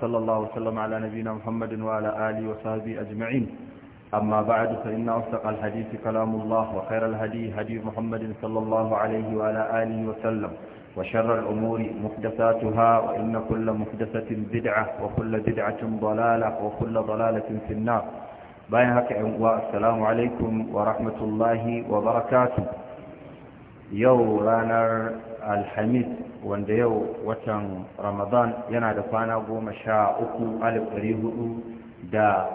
صلى الله وسلم على نبينا محمد وعلى آله وصحبه أجمعين أما بعد فإن أصدق الحديث كلام الله وخير الهدي هدي محمد صلى الله عليه وعلى آله وسلم وشر الأمور محدثاتها وإن كل محدثة بدعة وكل بدعة ضلالة وكل ضلالة في النار بايهك والسلام عليكم ورحمة الله وبركاته يو رانر alhamis wanda yau watan ramadan yana da kwana goma sha uku alif hudu da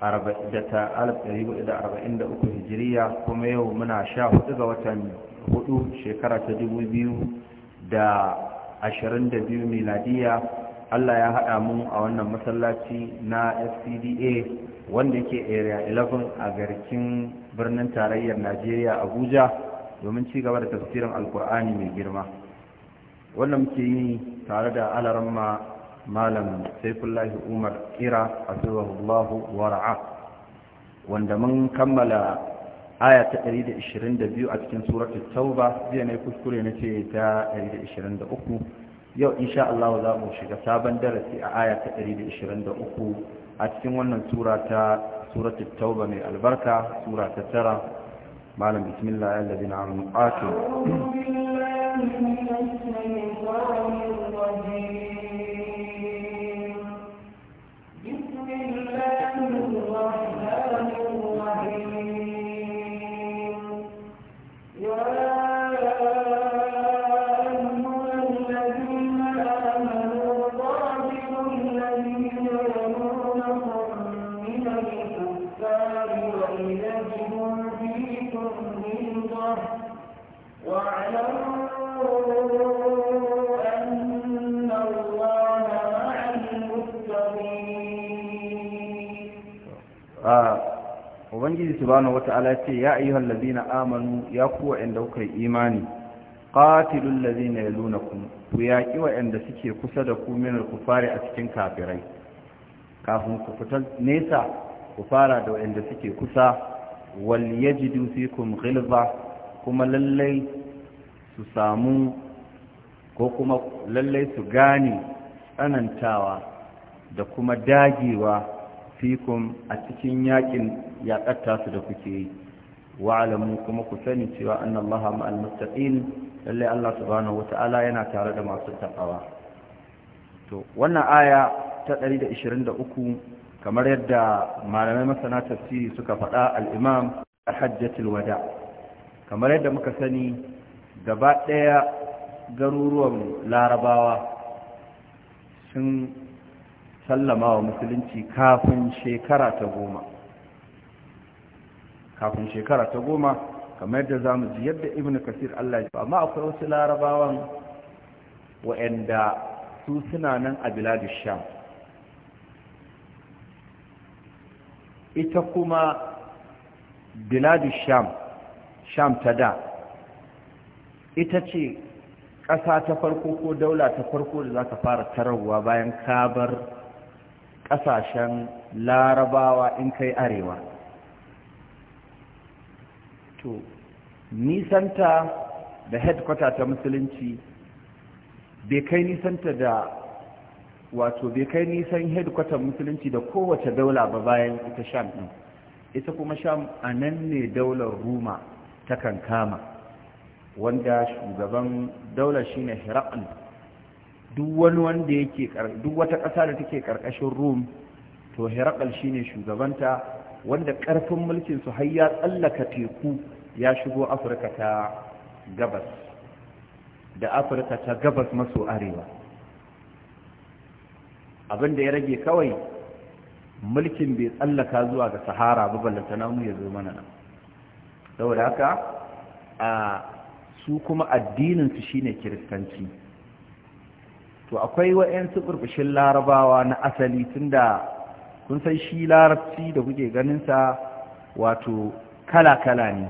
arba'in da uku hijiriya kuma yau muna sha hudu ga watan hudu shekara ta dubu biyu da ashirin da biyu miladiya allah ya haɗa mu a wannan masallaci na fcda wanda yake area 11 a garkin birnin tarayyar najeriya abuja domin ci gaba da tafsirin alkur'ani mai girma wannan muke yi tare da alaramma malam saifullahi umar kira a Allahu wara'a wanda mun kammala aya ta 122 a cikin suratul tauba zai na kuskure na ce ta 123 yau insha Allah za mu shiga sabon darasi a aya ta 123 a cikin wannan sura ta tauba mai albarka sura ta tara معلم بسم الله يا الذين عملوا آتوا أعوذ بالله من الشيطان الرجيم subhanahu wata'ala ce ya ayyuhal ladina amanu ya ku wa'anda kuka imani qatilul ladina yalunakum ku wa wa'anda suke kusa da ku min kufari a cikin kafirai kafin ku fita nesa ku fara da wa'anda suke kusa wal yajidu fikum ghilza kuma lallai su samu ko kuma lallai su gane tsanantawa da kuma dagewa fikum a cikin yakin yaƙatta su da kuke yi alamu kuma ku sani cewa annallaha ma'al mustaqin lalle Allah subhanahu wata'ala yana tare da masu takawa to wannan aya ta 123 kamar yadda malamai masana tafsiri suka faɗa al-imam hajjatul wada kamar yadda muka sani gaba ɗaya garuruwan larabawa sun sallama wa musulunci kafin shekara ta goma kafin shekara ta goma kamar yadda za mu ji yadda ibn kasir allah ya amma akwai wasu larabawan wa'anda su suna nan a biladun sham ita kuma biladun sham sham ta da ita ce ƙasa ta farko ko daula ta farko da za ka fara tararwa bayan kabar ƙasashen larabawa in kai arewa to nisanta da headquarter ta musulunci bai kai nisanta da wato bai kai nisan headquarter musulunci da kowace daula ba bayan ita sham ɗin ita kuma sham a nan ne daular ruma ta kankama wanda shugaban daular shine ne duk wani wanda yake duk wata ƙasa da take ƙarƙashin rum to herakal shine shugabanta wanda ƙarfin mulkin su har ya tsallaka teku ya shigo afirka ta gabas da afirka ta gabas maso arewa abin da ya rage kawai mulkin bai tsallaka zuwa ga sahara ba ta namu ya zo mana nan saboda haka a su kuma addininsu shine kiristanci to akwai wa'yansu burbushin larabawa na asali tun da kun san shi larabci da kuke ganinsa wato kala-kala ne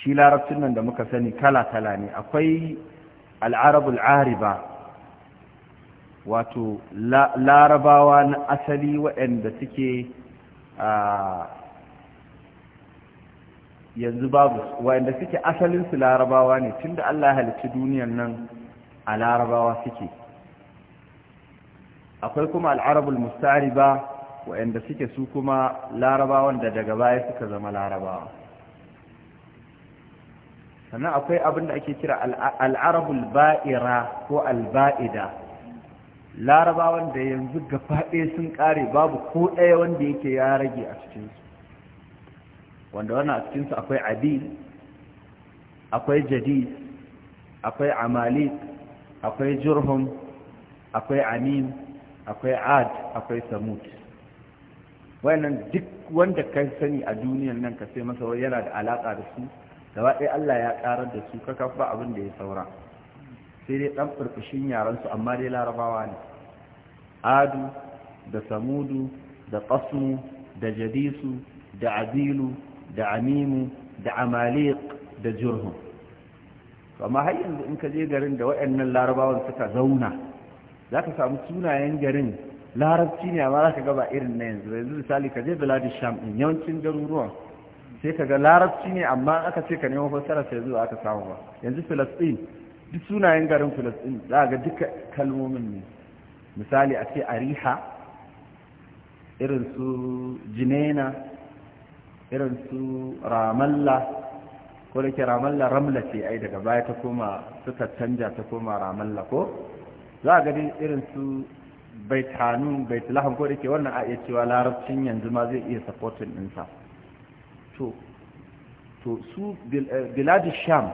shi larabcin nan da muka sani kala-kala ne akwai al'arabul ariba wato larabawa na asali waɗanda suke yanzu babu suke asalinsu larabawa ne tun da Allah halittu duniyan nan a larabawa suke akwai kuma al'arabul mustariba waɗanda suke su kuma laraba wanda daga baya suka zama larabawa sannan akwai abin da ake kira al'arabul ba'ira ko alba'ida Laraba wanda yanzu gabaɗe sun ƙare babu ko ɗaya wanda yake ya rage a cikinsu wanda wannan a cikinsu akwai adil akwai jadid akwai amalik akwai jurhum akwai amin akwai ad akwai samut wayannan duk wanda ka sani a duniyar nan ka sai masa yana da alaka da su gaba ɗaya Allah ya karar da su ka kafa abin da ya saura sai dai ɗan furfushin yaran su amma dai larabawa ne adu da samudu da qasmu da jadisu da abilu da amimu da amaliq da jurhum amma har yanzu in ka je garin da waɗannan larabawan suka zauna za ka samu sunayen garin larabci ne amma za ka gaba irin na yanzu yanzu misali ka je bala sham in yawancin garuruwan sai ka ga larabci ne amma aka ce ka nemo fassara sai zuwa aka samu ba yanzu filastin duk sunayen garin filastin za ga duka kalmomin ne misali a ce ariha irin su jinena irin su ramalla ko da ke ramalla ramla ce ai daga baya ta koma suka canja ta koma ramalla ko za a gani irin su bai bai baitulahun ko da ke wannan a iya cewa larabcin yanzu ma zai iya supporting ɗinsa to to su eh, biladi sham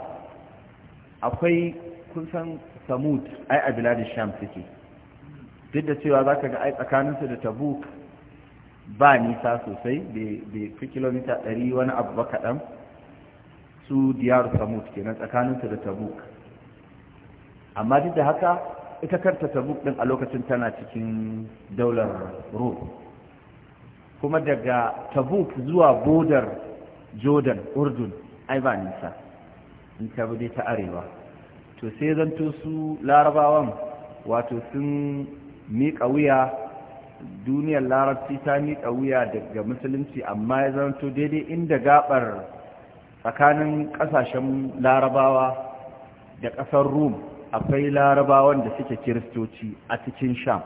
akwai kusan samud ai a biladi sham suke duk da cewa za ka ga ai tsakaninsu da tabuk ba nisa sosai bai fi kilomita 100 wani abu ba kaɗan su diyar samud kenan tsakaninsu da tabuk amma duk da haka ita karta tabuk din a lokacin tana cikin daular rom kuma daga tabuk zuwa bodar jordan urdun ai ba nisa in ta bude ta arewa to sai zanto su larabawan wato sun miƙa wuya duniyar larabci ta miƙa wuya daga musulunci amma ya zanto daidai inda gabar tsakanin ƙasashen larabawa da ƙasar rum akwai larabawan da suke kiristoci a cikin sham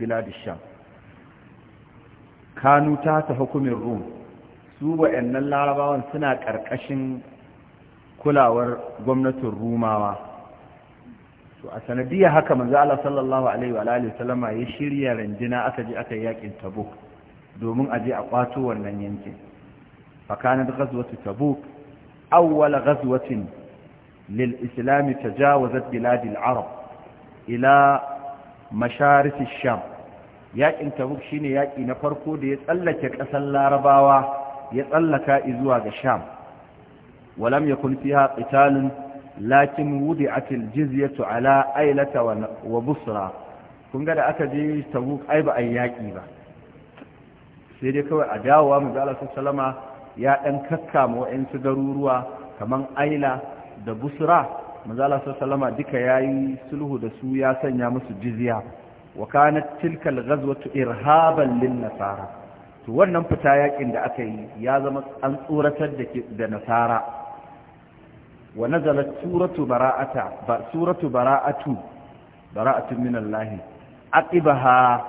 da sham kanu ta ta hukumin rum su wa'annan larabawan suna ƙarƙashin kulawar gwamnatin rumawa to a sanadiyya haka manzo Allah sallallahu alaihi wa alihi wasallama ya shirya ranjina aka je aka yakin tabuk domin a je a kwato wannan yankin fa kana ghazwatu tabuk awwal ghazwatin للإسلام تجاوزت بلاد العرب إلى مشارف الشام yaƙin tabuk shine yaƙi na farko da ya tsallake ƙasar larabawa ya tsallaka izuwa ga sham walam kulfi fiha qitalun lakin wudi'at aljizyatu ala ailata wa busra kun ga da aka je tabuk ai ba yi yaƙi ba sai dai kawai a dawowa wa Allah Salama ya kakka kakkama wa'ansu garuruwa kaman aila da busra manzala sallama duka yayi sulhu da su ya sanya musu jizya wa kanat tilka ghazwatu irhaban lin nasara to wannan fita yakin da aka yi ya zama an tsoratar da da nasara wa nazalat suratu bara'ata ba suratu bara'atu bara'atun min aqibaha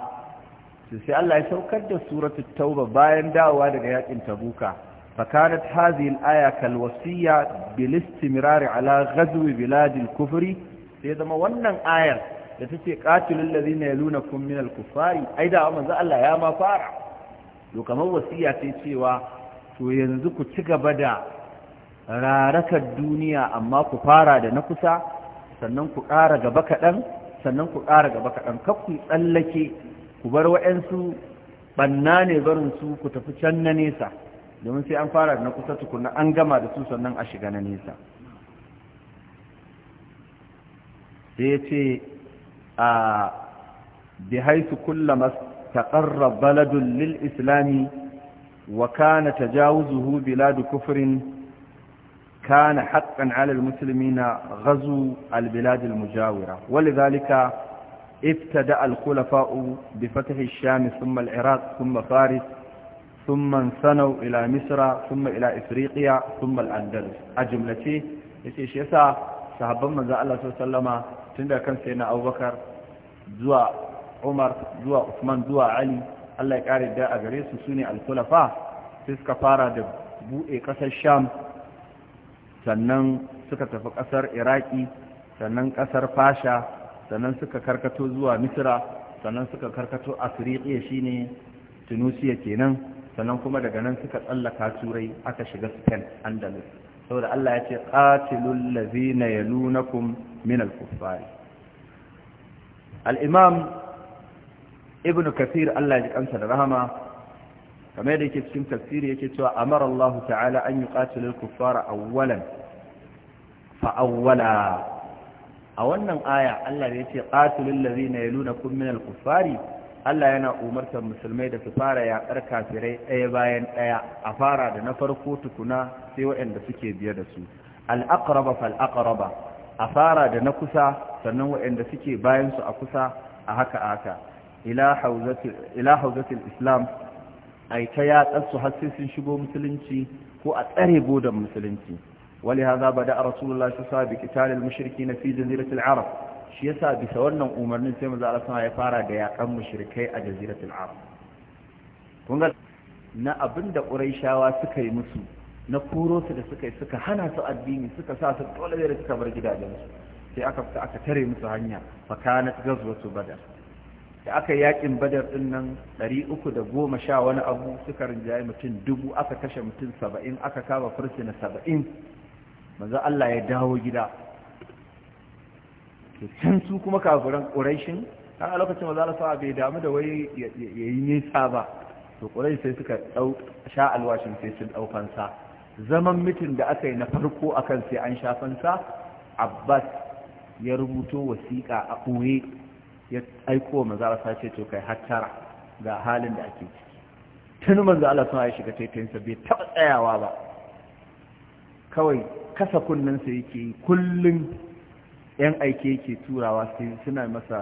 sai Allah ya saukar da suratul tauba bayan dawowa daga yakin tabuka فكانت هذه الآية كالوصية بالاستمرار على غزو بلاد الكفر سيدا ما ونن آية لتسي قاتل الذين يلونكم من الكفار أيضا أما ذا الله يا ما فارع لو كما وصية تيشيوا to yanzu ku ci gaba da rarakar duniya amma ku fara da na kusa sannan ku ƙara gaba kaɗan sannan ku ƙara gaba kaɗan ku tsallake ku bar wa'yansu ɓanna ne barinsu ku tafi can na nesa domin sai an fara na kusa tukuna an gama da su sannan a shiga na nesa sai ya ce a bi haisu kullama taqarra baladun lil islami wa kana tajawuzuhu biladu kufrin كان حقا على المسلمين غزو البلاد المجاورة ولذلك ابتدأ الخلفاء بفتح الشام ثم العراق ثم فارس ثم انسنوا الى مصر ثم الى افريقيا ثم الاندلس اجملتي yace shi yasa sahabban manzo Allah sallallahu alaihi wasallama tunda kan sai Abubakar zuwa Umar zuwa Uthman zuwa Ali Allah ya kare da a gare su sune al-khulafa sai fara da bude kasar Sham sannan suka tafi kasar Iraki sannan kasar Fasha sannan suka karkato zuwa Misra sannan suka karkato Afriqiya shine Tunisia kenan sannan kuma daga nan suka tsallaka turai aka shiga spain andalus saboda allah ya ce qatilul lazina ya nuna al min al-imam ibn kathir allah ya ji kansa da rahama kamar da yake cikin tafsiri yake cewa amara allah ta'ala an yuqatilu al-kuffara awwalan fa awwala a wannan aya allah ya ce qatilul lazina yalunakum min al Allah yana umartar musulmai da su fara yaƙar kafirai ɗaya bayan ɗaya a fara da na farko tukuna sai waɗanda suke biye da su al'aqraba fal'aqraba a fara da na kusa sannan waɗanda suke bayan su a kusa a haka haka ila hauzatil ila islam ai ta yaƙar su har sai sun shigo musulunci ko a tsare godan musulunci ولهذا bada a الله صلى الله عليه وسلم بقتال المشركين في جزيرة العرب shi yasa bisa wannan umarnin sai manzo Allah ya fara da yakan mushrikai a jaziratul arab kun ga na abinda quraishawa suka yi musu na kuro su da suka suka hana su addini suka sa su dole da suka bar gidajensu sai aka fita aka tare musu hanya fa kanat gazwatu badar da aka yakin badar din nan 310 wani abu suka rinjaye mutum dubu aka kashe mutum 70 aka kama fursuna 70 manzo Allah ya dawo gida to su kuma kafiran ƙurashin har a lokacin maza a bai damu da wai ya yi nisa ba to ƙurashin sai suka ɗau sha alwashin sai sun ɗau fansa zaman mitin da aka yi na farko akan sai an sha fansa abbas ya rubuto wasiƙa a ɓoye ya aiko maza Allah ce to kai hattara ga halin da ake ciki tun manzo Allah ya shiga taitayinsa bai taɓa tsayawa ba kawai kasa kunnen sa yake kullum yan aike ke turawa suna masa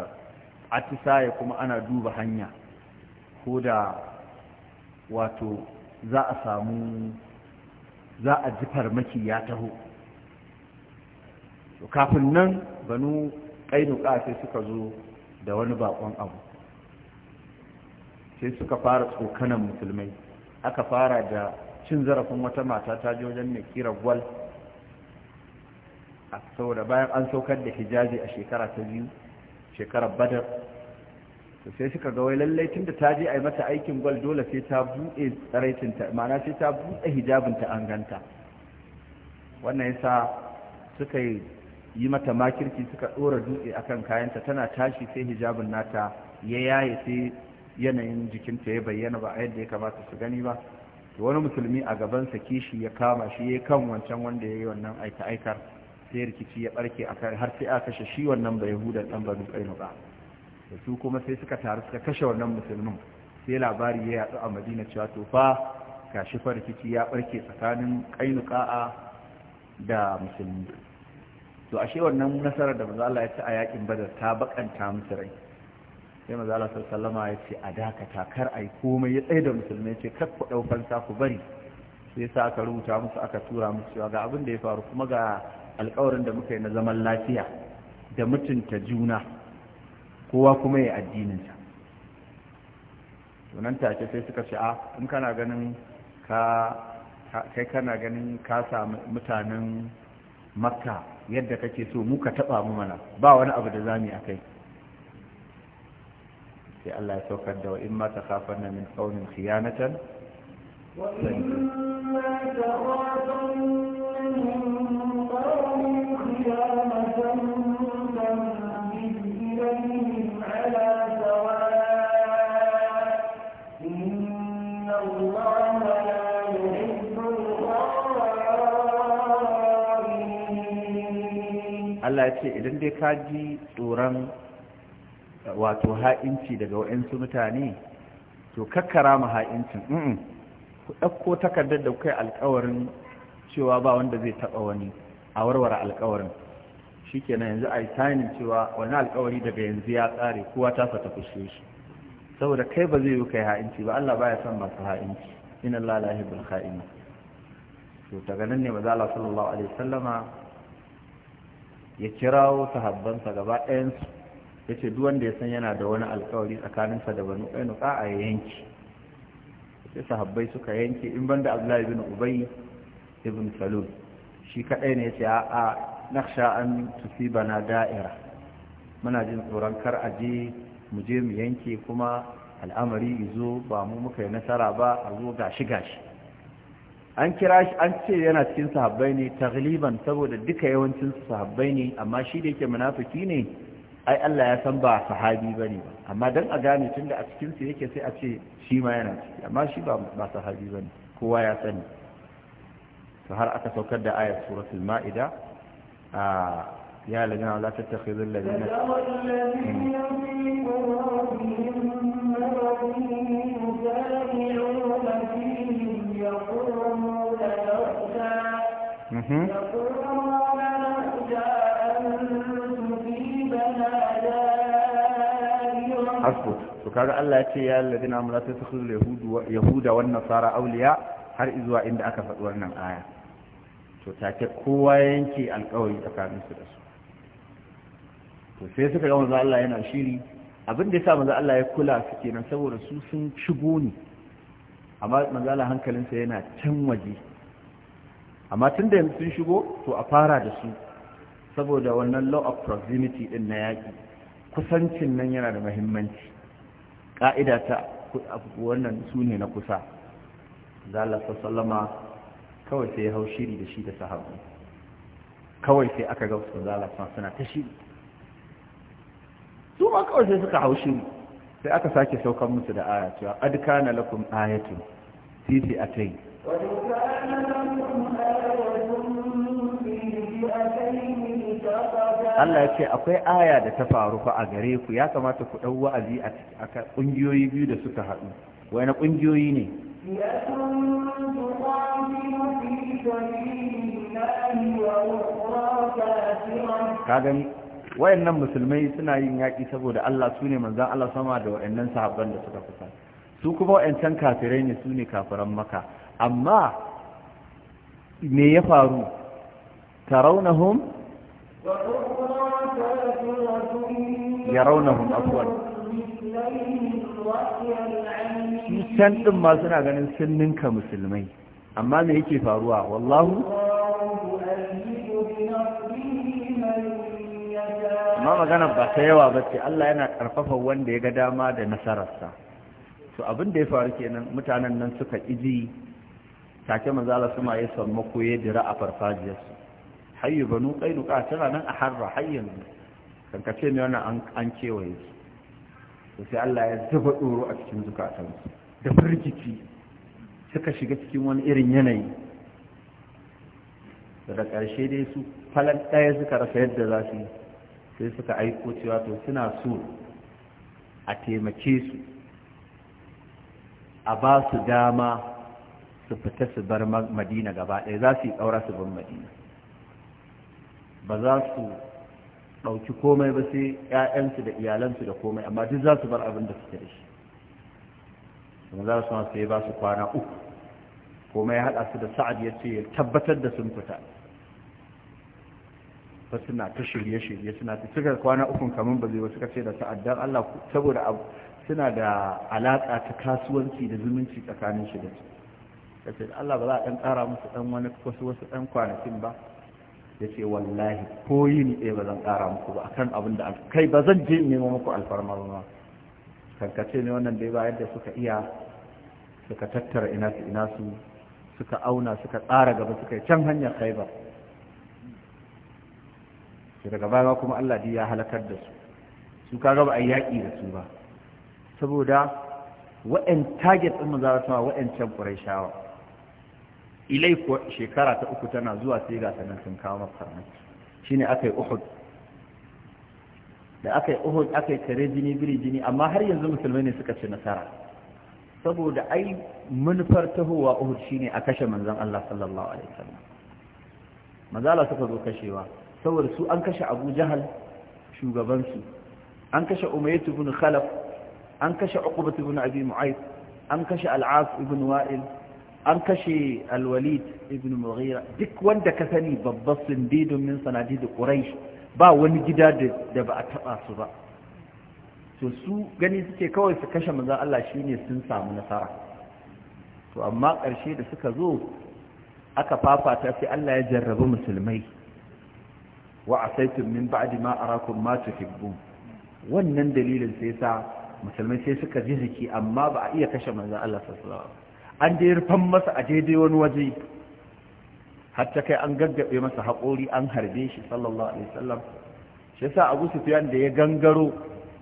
atisaye kuma ana duba hanya ko da wato za a samu za a ji farmaki ya taho kafin nan banu ka sai suka zo da wani bakon abu sai suka fara tsokanan musulmai aka fara da cin zarafin wata mata ta je wajen mai kira gwal saboda bayan an saukar da hijazi a shekara ta biyu shekarar badar to sai suka ga wai lallai tun da ta je a yi mata aikin gwal dole sai ta buɗe tsaraitinta ma'ana sai ta buɗe hijabinta an ganta wannan yasa suka yi mata makirki suka ɗora dutse akan kayanta tana tashi sai hijabin nata ya yaye sai yanayin jikinta ya bayyana ba a yadda ya kamata su gani ba wani musulmi a gabansa kishi ya kama shi ya kan wancan wanda ya yi wannan aika-aikar sai rikici ya barke a kai har sai aka kashe shi wannan ba yahudan dan banu ba, da su kuma sai suka taru suka kashe wannan musulmin sai labari ya yatsu a madina cewa to fa gashi fa rikici ya barke tsakanin kainuka da musulmi to ashe wannan nasarar da manzo Allah ya ci a yakin badar ta bakanta musu rai sai manzo Allah wasallam ya ce a dakata kar ai komai ya tsaye da musulmai ce kar ku dau fansa ku bari sai sa aka rubuta musu aka tura musu cewa ga abin da ya faru kuma ga alkawarin da muka yi na zaman lafiya da mutunta juna kowa kuma ya addininsa tunan take sai suka ce a in kana ganin ka kai kana ganin ka samu mutanen makka yadda kake so mu ka taba mu mana ba wani abu da zamu a kai, sai Allah ya saukar da wa in ma na min qawmin khiyanatan wa in ma takhafanna Allah ya ce idan dai ka ji tsoron eh, wato ha'inci daga wa'insu mutane to kakkara ma ha'incin ku ɗauko takardar da kai alkawarin cewa ba wanda zai taɓa wani a warware alkawarin shi kenan yanzu a yi cewa wani alkawari daga yanzu ya tsare kowa ta fata fushe shi saboda kai ba zai yi kai ha'inci ba Allah baya son masu ha'inci inna lillahi bil kha'in to daga nan ne maza Allah sallallahu alaihi wasallama ya kirawo sahabbansa gaba ɗayansu ya ce duwanda ya san yana da wani alkawari tsakaninsa da banu ƙainuka a yanki sai sahabbai suka yanke in banda abdullahi bin ubay ibn salul shi kaɗai ne ya ce a naksha an bana da'ira muna jin tsoron kar a je mu je mu yanke kuma al'amari izo ba mu muka yi nasara ba a zo gashi gashi an kira shi an ce yana cikin sahabbai ne tagliban saboda duka yawancin sahabbai ne amma shi da yake munafiki ne ai Allah ya san ba sahabi bane ba amma dan a gane tunda a cikin su yake sai a ce shi ma yana ciki amma shi ba ba sahabi bane kowa ya sani to har aka saukar da ayat suratul maida a ya lana la tattakhidhu alladhina يقولون Mm-hmm. hasbut kaga Allah ya ce ya ladina amara ta tukhul yahudu yahuda wa nasara awliya har zuwa inda aka faɗi wannan aya to take kowa yanke alƙawari tsakanin su da su to sai suka ga manzo Allah yana shiri abin da yasa manzo Allah ya kula su kenan saboda su sun shigo ni amma manzo Allah hankalinsa yana can waje amma tun da sun shigo to a fara da su saboda wannan law of proximity din na yaƙi kusancin nan yana da mahimmanci ƙa'ida ta wannan su ne na kusa da sallama kawai sai ya hau shiri da shi da sahabu kawai sai aka ga su da Allah suna ta shiri su ma kawai sai suka hau shiri sai aka sake saukan musu da aya cewa adkana lakum titi fi fi'atayn wa Allah ya ce akwai aya da ta faru fa a gare ku ya kamata ku ɗau wa'azi a ƙungiyoyi biyu da suka haɗu na ƙungiyoyi ne ka gani wayannan musulmai suna yin yaki saboda Allah sune manzon Allah sama da wayannan sahabban da suka kusa. su kuma wayancan kafirai ne sune kafiran maka amma me ya faru taraunahum wa yarawnahum afwan shi can ɗin ma suna ganin sun ninka musulmai amma me yake faruwa wallahu amma magana ba ta yawa ba ce Allah yana ƙarfafa wanda ya ga dama da nasararsa to abin da ya faru kenan mutanen nan suka iji take manzo Allah sama ya samu koye dira a farfajiyarsu hayyu banu qainuqa tana nan a harra hayyan kankace mai wannan an kewaye su sai Allah ya zuba tsoro a cikin zukatansu da firgici suka shiga cikin wani irin yanayi daga ƙarshe dai su falon ɗaya suka rasa yadda za su sai suka aiko cewa to suna so a taimake su a ba su dama su fita su bar madina gaba ɗaya za su yi ƙaura su bar madina ba za su ɗauki komai ba sai 'ya'yansu da iyalansu da komai amma duk za su bar abin da suke da shi kuma za su sai ba su kwana uku komai ya haɗa su da sa'ad ya ce ya tabbatar da sun fita ba suna ta shirye-shirye suna ta suka kwana ukun kamar ba zai ba suka ce da sa'ad don Allah saboda abu suna da alaƙa ta kasuwanci da zumunci tsakanin shi da su ka ce Allah ba za a ɗan ƙara musu ɗan wani wasu wasu ɗan kwanakin ba ya ce wallahi ko ni ɗaya ba zan ƙara muku ba akan abin da kai ba zan je nemo muku alfarma ba kankace ne wannan dai ba yadda suka iya suka tattara ina su ina su suka auna suka tsara gaba suka yi can hanyar khaibar daga baya kuma Allah ya halakar da su su kaga ba a yaƙi da su ba saboda wa'yan target ɗin mu za can ma wa'yancan ilai kuwa shekara ta uku tana zuwa sai ga sanan sun kawo masa farmaki shine aka yi uhud da aka yi uhud aka yi tare jini biri jini amma har yanzu musulmai ne suka ci nasara saboda ai manufar tahowa uhud shine a kashe manzon Allah sallallahu alaihi sallam mazala suka zo kashewa saboda su an kashe Abu Jahal shugaban an kashe Umayyah bin Khalaf an kashe Uqbah bin Abi Mu'ayth an kashe Al-As ibn Wa'il an kashe alwalid ibn mughira duk wanda ka sani babban sindidun min sanadi da quraish ba wani gida da ba a taba su ba to su gani suke kawai su kashe manzon Allah shine sun samu nasara to amma ƙarshe da suka zo aka fafata sai Allah ya jarrabi musulmai wa asaitum min ba'di ma arakum ma tuhibbun wannan dalilin sai sa musulmai sai suka ji jiki amma ba a iya kashe manzon Allah sallallahu alaihi wasallam an dai rufan masa a daidai wani waje hatta kai an gaggabe masa haƙori an harbe shi sallallahu alaihi wasallam shi yasa Abu Sufyan da ya gangaro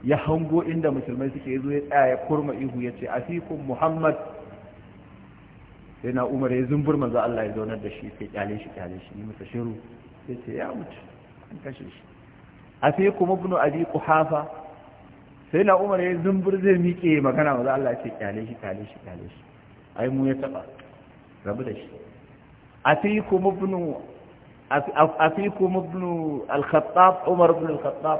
ya hango inda musulmai suke yazo ya tsaya ya kurma ihu yace afikum Muhammad sai na Umar ya zumbur manzo Allah ya zaunar da shi sai kyale shi kyale shi masa shiru sai ce ya mutu an kashe shi afikum ibn Abi Quhafa sai na Umar ya zumbur zai miƙe magana manzo Allah ya ce kyale shi kyale shi kyale shi ai mu ya taba rabu da shi afikum ibn afikum ibn al-khattab umar ibn al-khattab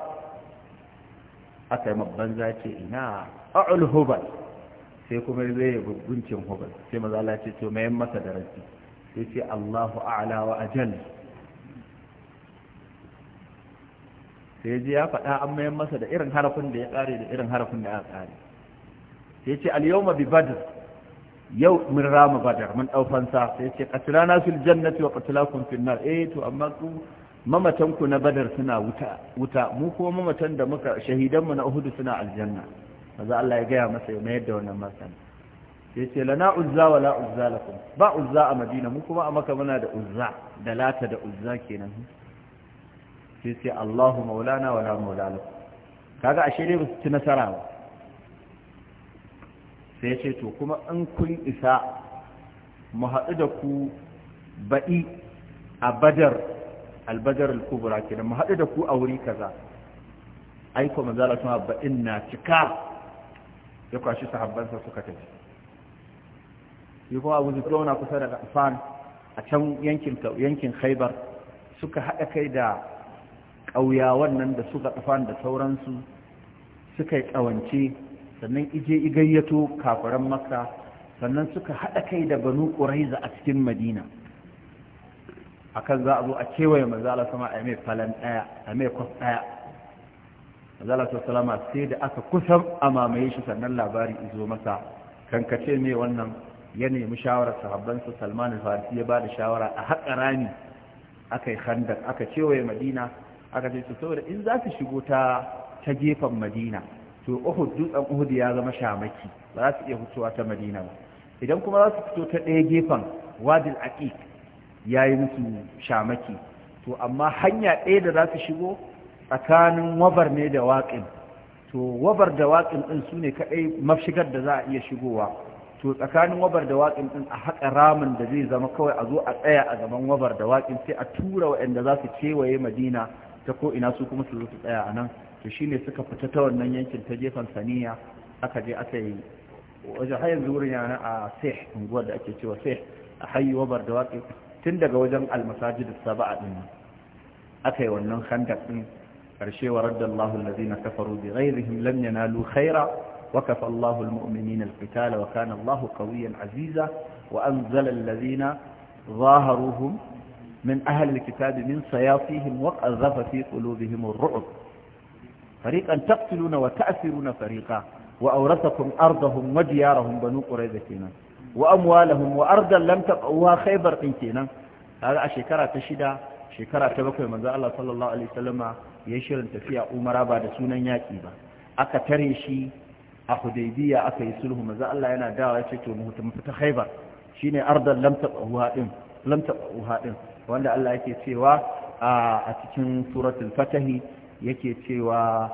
aka yi mabban zace ina a'ul hubal sai kuma zai yi guguncin hubal sai maza Allah ce to mayan masa da sai ce Allahu a'la wa ajal sai ji ya faɗa an mayan masa da irin harafin da ya ƙare da irin harafin da ya ƙare sai ce al-yawma bi badr yau mun rama badar mun ɗau fansa sai ce qatlana fil jannati wa qatlakum fil nar eh to amma ku mamatan ku na badar suna wuta wuta mu kuma mamatan da muka shahidan mu na uhud suna aljanna maza Allah ya gaya masa ya mayar da wannan masan sai ce lana uzza wa la uzza lakum ba uzza a madina mu kuma a maka muna da uzza da lata da uzza kenan sai ce Allahu maulana wa la maula lakum kaga ashe ne ba su ci nasara ba sai ya ce to kuma in kun isa mu haɗu da ku baɗi a badar albadar al-kubra kenan mu haɗu da ku a wuri kaza aiko manzala sun haɓa na cika ya kwashi sahabbansa suka tafi yi kuma abu na kusa da afan a can yankin khaibar suka haɗa kai da ƙauya wannan da suka afan da sauransu suka yi ƙawance sannan ije igayyato kafiran makka sannan suka haɗa kai da banu ƙuraiza a cikin madina akan za a zo a kewaye manzala sama a mai falon ɗaya a mai kwas ɗaya manzala ta salama sai da aka kusan a mamaye shi sannan labari izo masa kankace mai wannan ya nemi shawarar sahabbansa salman farisi ya ba da shawara a haƙa rami aka yi handar aka kewaye madina aka ce saboda in za su shigo ta ta gefen madina to uhud dutsen uhud ya zama shamaki ba za su iya fitowa ta madina ba idan kuma za su fito ta ɗaya gefen wadil aqiq ya yi musu shamaki to amma hanya ɗaya da za su shigo tsakanin wabar ne da waƙin to wabar da waƙin ɗin su ne kaɗai mafshigar da za a iya shigowa to tsakanin wabar da waƙin ɗin a haƙa ramin da zai zama kawai a zo a tsaya a gaban wabar da waƙin sai a tura waɗanda za su kewaye madina ta ko ina su kuma su zo su tsaya a nan to ne suka fita ta wannan yankin ta gefen saniya aka je aka yi wajen yana a seh unguwar da ake cewa seh a hayi wabar da waƙe tun daga wajen almasajid saba'a din aka yi wannan khandak ɗin karshe wa radda Allahu allazina kafaru bi ghayrihim lam yanalu khaira wa kafa Allahu almu'minina wa kana Allahu aziza wa anzala allazina ظاهرهم من أهل الكتاب من صياصيهم وقذف في قلوبهم الرعب فريقا تقتلون وتأثرون فريقا وأورثكم أرضهم وديارهم بنو قريبتنا وأموالهم وأرضا لم تقعوها خيبر قنتنا هذا شكرا تشدى شكرا تبكي من ذا الله صلى الله عليه وسلم يشير أن تفيع أمرا بعد سنة ياكيبا أكا تريشي أخو ديدية أكا يسله من ذا الله ينا داوة يشتو مهتم فتخيبر شيني أرضا لم تقعوها إن لم تقعوها إن wanda Allah yake cewa a cikin suratul fatahi yake cewa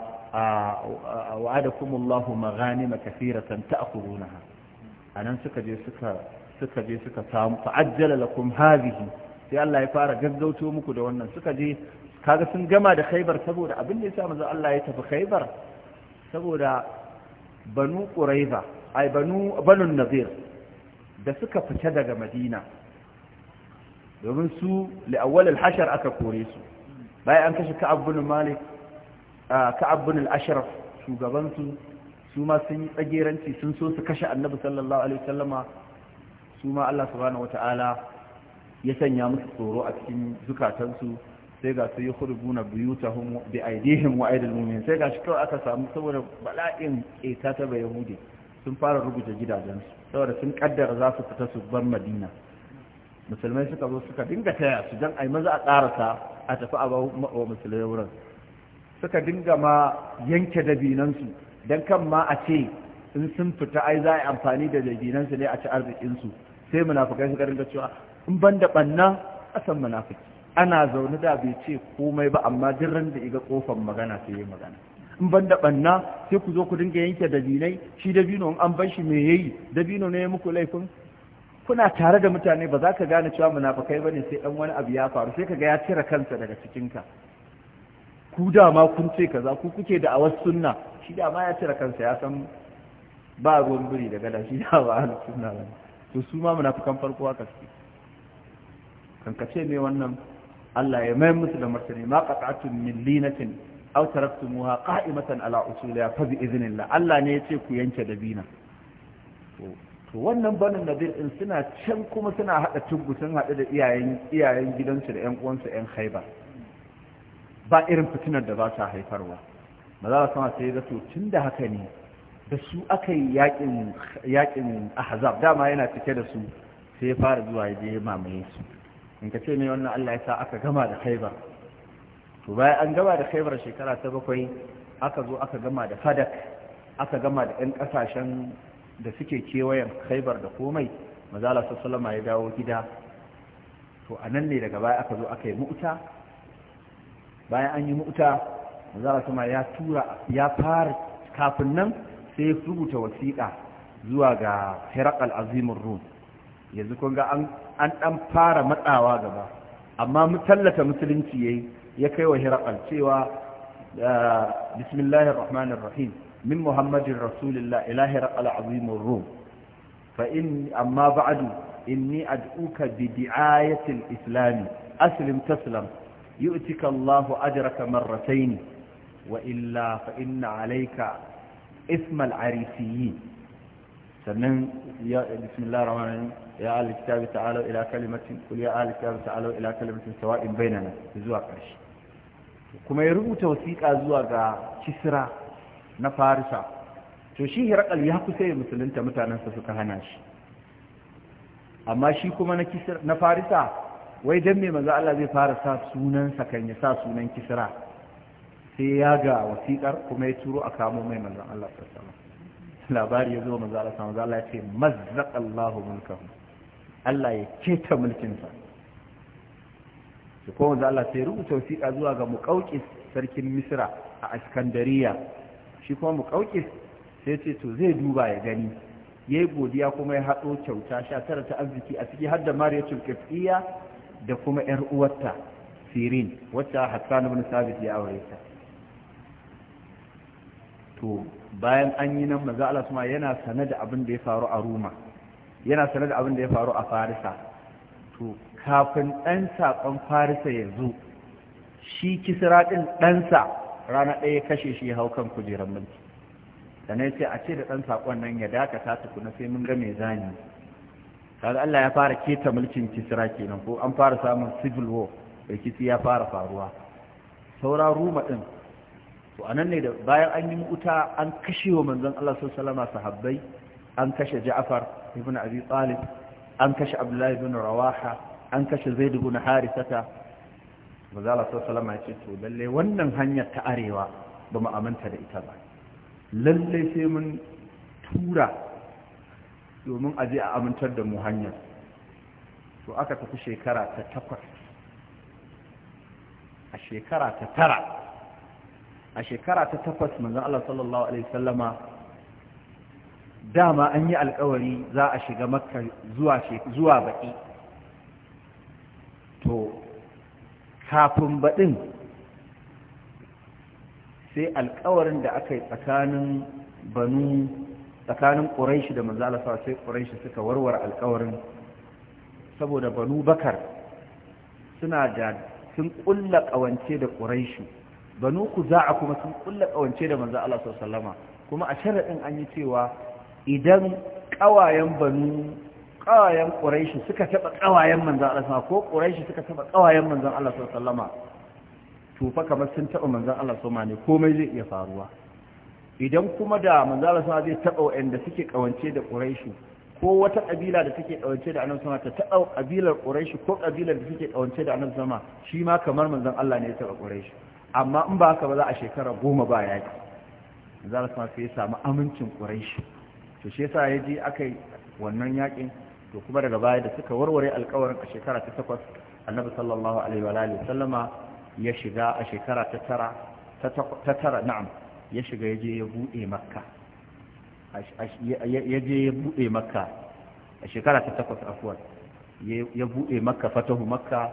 wa'adakumullahu maghanima kathiratan ta'khudunaha anan suka je suka suka je suka samu fa'ajjala lakum hadhihi sai Allah ya fara gaggauto muku da wannan suka je kaga sun gama da Khaibar saboda abin da yasa manzo Allah ya tafi Khaibar saboda Banu Quraiza ai Banu Banu Nadir da suka fita daga Madina domin su li'awwal hashar aka kore su bayan an kashe Ka'ab Malik ashraf shugaban su su ma sun yi tsageranci sun so su kashe Annabi sallallahu alaihi wasallama su ma Allah subhanahu ya sanya musu tsoro a cikin zukatansu sai ga su yi hurbuna buyutahum bi aidihim wa aidil mu'min sai ga shi kawai aka samu saboda bala'in ƙeta ta ba yahudi sun fara rubuta gidajensu saboda sun kaddara za su fita su bar madina musulmai suka zo suka dinga taya su don ai maza a ƙarasa a tafi a wa musulmai wurin suka dinga ma yanke dabinansu don kan ma a ce in sun fita ai za a yi amfani da dabinansu ne a ci arzikinsu sai munafukai suka dinga cewa in ban da ɓanna san munafuki ana zaune da bai ce komai ba amma duk ran da iga kofar magana sai yi magana in ban da ɓanna sai ku zo ku dinga yanke dabinai shi dabino in an bar shi me yayi dabino ne ya muku laifin kuna tare da mutane ba za ka gane cewa ba ne sai dan wani abu ya faru sai kaga ya cire kansa daga cikin ka ku dama kun ce kaza ku kuke da awas sunna shi dama ya cire kansa ya san ba ruwan biri daga da shi dama ala sunna ba to su ma munafukan farko haka kan kace me wannan Allah ya mai musu da martani ma qata'tu min linatin aw taraktumuha qa'imatan ala usuliha fa bi idhnillah Allah ne ya ce ku yanke dabina to wannan banin nadir din suna can kuma suna hada tubu sun hada da iyayen iyayen gidansu da ƴan uwansu ƴan haiba. ba irin fitinar da ba ta haifarwa maza sama sai zato tun da haka ne da su aka yi yakin ahzab dama yana cike da su sai ya fara zuwa ya je mamaye su in ka ce ne wannan Allah ya sa aka gama da haiba? to bayan an gama da haibar shekara ta bakwai aka zo aka gama da fadak aka gama da 'yan kasashen da suke kewayen khaibar da komai mazala sallama ya dawo gida to a ne daga baya aka zo aka yi mu'uta bayan an yi mu'uta mazala sama ya tura ya fara kafin nan sai ya rubuta wasiƙa zuwa ga herakal azimin rum yanzu kun ga an ɗan fara matsawa gaba amma tallata musulunci ya ya kai wa al cewa ah, bismillahir rahmanir rahim من محمد رسول الله إله رق العظيم الروم فإن أما بعد إني أدعوك بدعاية الإسلام أسلم تسلم يؤتك الله أجرك مرتين وإلا فإن عليك اسم العريسيين سنن يا بسم الله الرحمن الرحيم يا أهل الكتاب تعالوا إلى كلمة قل يا أهل الكتاب تعالوا إلى كلمة سواء بيننا بزوا قرش كما يرغب توثيق أزوا كسرى na farisa to shi hirakal ya kusa ya musulunta mutanensa suka hana shi amma shi kuma na farisa wai dan mai maza Allah zai fara sa sunansa kan ya sa sunan kisra sai ya ga wasiƙar kuma ya turo a kamo mai manzan Allah sassama labari ya zo maza Allah samu Allah ya ce mazzaƙ Allah Allah ya keta mulkinsa maza Allah sai rubuta wasiƙa zuwa ga muƙauƙi sarkin misra a askandariya shi kuma mu kauke sai ce to zai duba ya gani ya yi godiya kuma ya haɗo kyauta sha tara ta arziki a ciki har da mariyacin ƙirƙiya da kuma ‘yar uwarta sirin wacce hassan ibn sabit ya aure ta to bayan an yi nan maza Allah kuma yana sane da abin da ya faru a Roma yana sanar da abin da ya faru a Farisa to kafin ɗan saƙon Farisa ya zo shi kisira ɗin ɗansa rana ɗaya kashe shi ya hau kan kujerar mulki na sai a ce da ɗan saƙon nan ya dakata tukuna sai mun ga mai zani kaga Allah ya fara keta mulkin Kisira kenan ko an fara samun civil war rikici ya fara faruwa saura ruma ɗin to anan ne da bayan an yi wuta an kashe wa manzon Allah sallallahu alaihi sahabbai an kashe Ja'far ibn Abi Talib an kashe Abdullah ibn Rawaha an kashe Zaid ibn Harithata manzala sallama ya ce to lalle wannan hanyar ta arewa ba mu aminta da ita ba lalle sai mun tura domin a je a amintar da mu hanyar to aka tafi shekara ta takwas a shekara ta tara a shekara ta takwas manzan Allah sallallahu Alaihi sallama dama an yi alkawari za a shiga makka zuwa baƙi to kafin baɗin sai alkawarin da aka yi tsakanin banu tsakanin ƙuraishi da manzalasa sai ƙuraishi suka warware alkawarin saboda banu bakar suna da sun ƙulla ƙawance da ƙuraishi banu ku za a kuma sun ƙulla ƙawance da manzalasa sallama kuma a sharaɗin an yi cewa idan ƙawayen banu ƙawayen ƙuraishi suka taɓa ƙawayen manzan Allah sama ko ƙuraishi suka taɓa ƙawayen manzan Allah sallama tufa kamar sun taɓa manzan Allah sama ne komai zai iya faruwa idan kuma da manzan Allah sama zai taɓa wa'anda suke ƙawance da ƙuraishi ko wata ƙabila da take ƙawance da annabi sama ta taɓa ƙabilar ƙuraishi ko ƙabilar da take ƙawance da annabi sama shi ma kamar manzan Allah ne ya taɓa ƙuraishi amma in ba haka ba za a shekara goma ba yaƙi manzan Allah sama sai ya samu amincin ƙuraishi to shi yasa ya je aka yi wannan yaƙin to kuma daga baya da suka warware alkawarin a shekara ta takwas annabi sallallahu alaihi wa alihi sallama ya shiga a shekara ta tara ta tara na'am ya shiga yaje ya bude makka yaje ya bude makka a shekara ta takwas afwan ya bude makka fatahu makka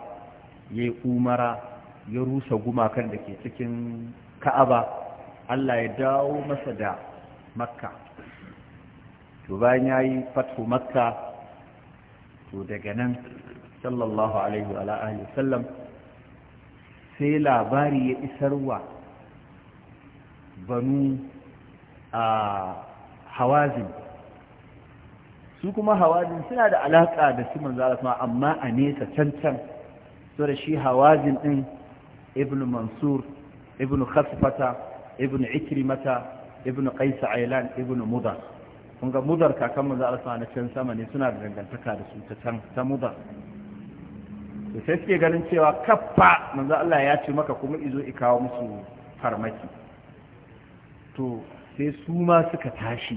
ya umara ya rusa gumakan da ke cikin ka'aba Allah ya dawo masa da makka to bayan ya yi fatu makka to daga nan sallallahu alaihi wa alihi sallam sai labari ya isarwa banu a hawazin su kuma hawazin suna da alaƙa da su maza Allah amma a nesa can can so da shi hawazin din ibnu mansur ibnu khasfata ibnu ikrimata ibnu qais ailan ibnu mudar kun ga mudar kakan manzo Allah na can sama ne suna da dangantaka da su ta can ta mudar to sai suke ganin cewa kaffa manzo Allah ya ce maka kuma izo i kawo musu farmaki to sai su ma suka tashi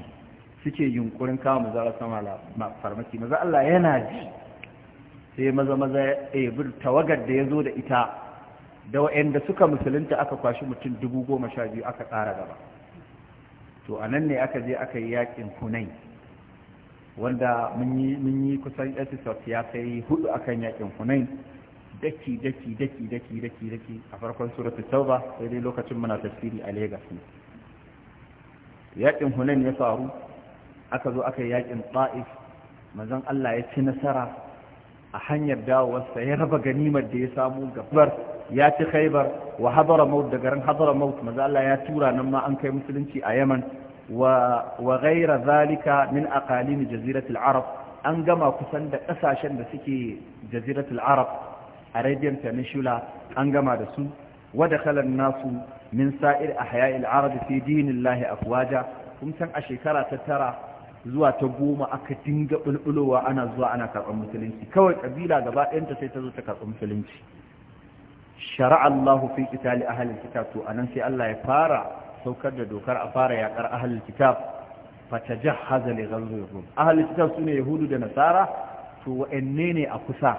suke yunkurin kawo manzo Allah sama farmaki manzo Allah yana ji sai maza maza ya tawagar da ya zo da ita da waɗanda suka musulunta aka kwashi mutum dubu goma sha biyu aka tsara gaba to a nan ne aka je aka yi yakin hunai wanda mun yi kusan episode ya kai hudu akan yakin hunai daki daki daki daki daki daki a farkon suratu tauba sai dai lokacin muna tafsiri a Legas ne yakin hunain ya faru aka zo aka yi yakin ta'if manzon Allah ya ci nasara a hanyar dawowarsa ya raba ganimar da ya samu gabar ya ci khaibar wa hadara maut da garin hadara maut maza Allah ya tura nan ma an kai musulunci a yaman wa ghaira zalika min aqalin jaziratul arab an gama kusan da kasashen da suke jaziratul arab arabian peninsula an gama da su wa dakhala nasu min sa'ir ahya'il arab fi dinillahi afwaja kun san a shekara ta tara zuwa ta goma aka dinga bulbulowa ana zuwa ana karɓar musulunci kawai ƙabila gaba ɗayanta sai ta zo ta karɓar musulunci shara'a Allahu fi qitali ahli kitab to anan sai Allah ya fara saukar da dokar a fara yakar ahli kitab fatajahhaza li ghazwir rum ahli kitab sune yahudu da nasara to wa'anne ne a kusa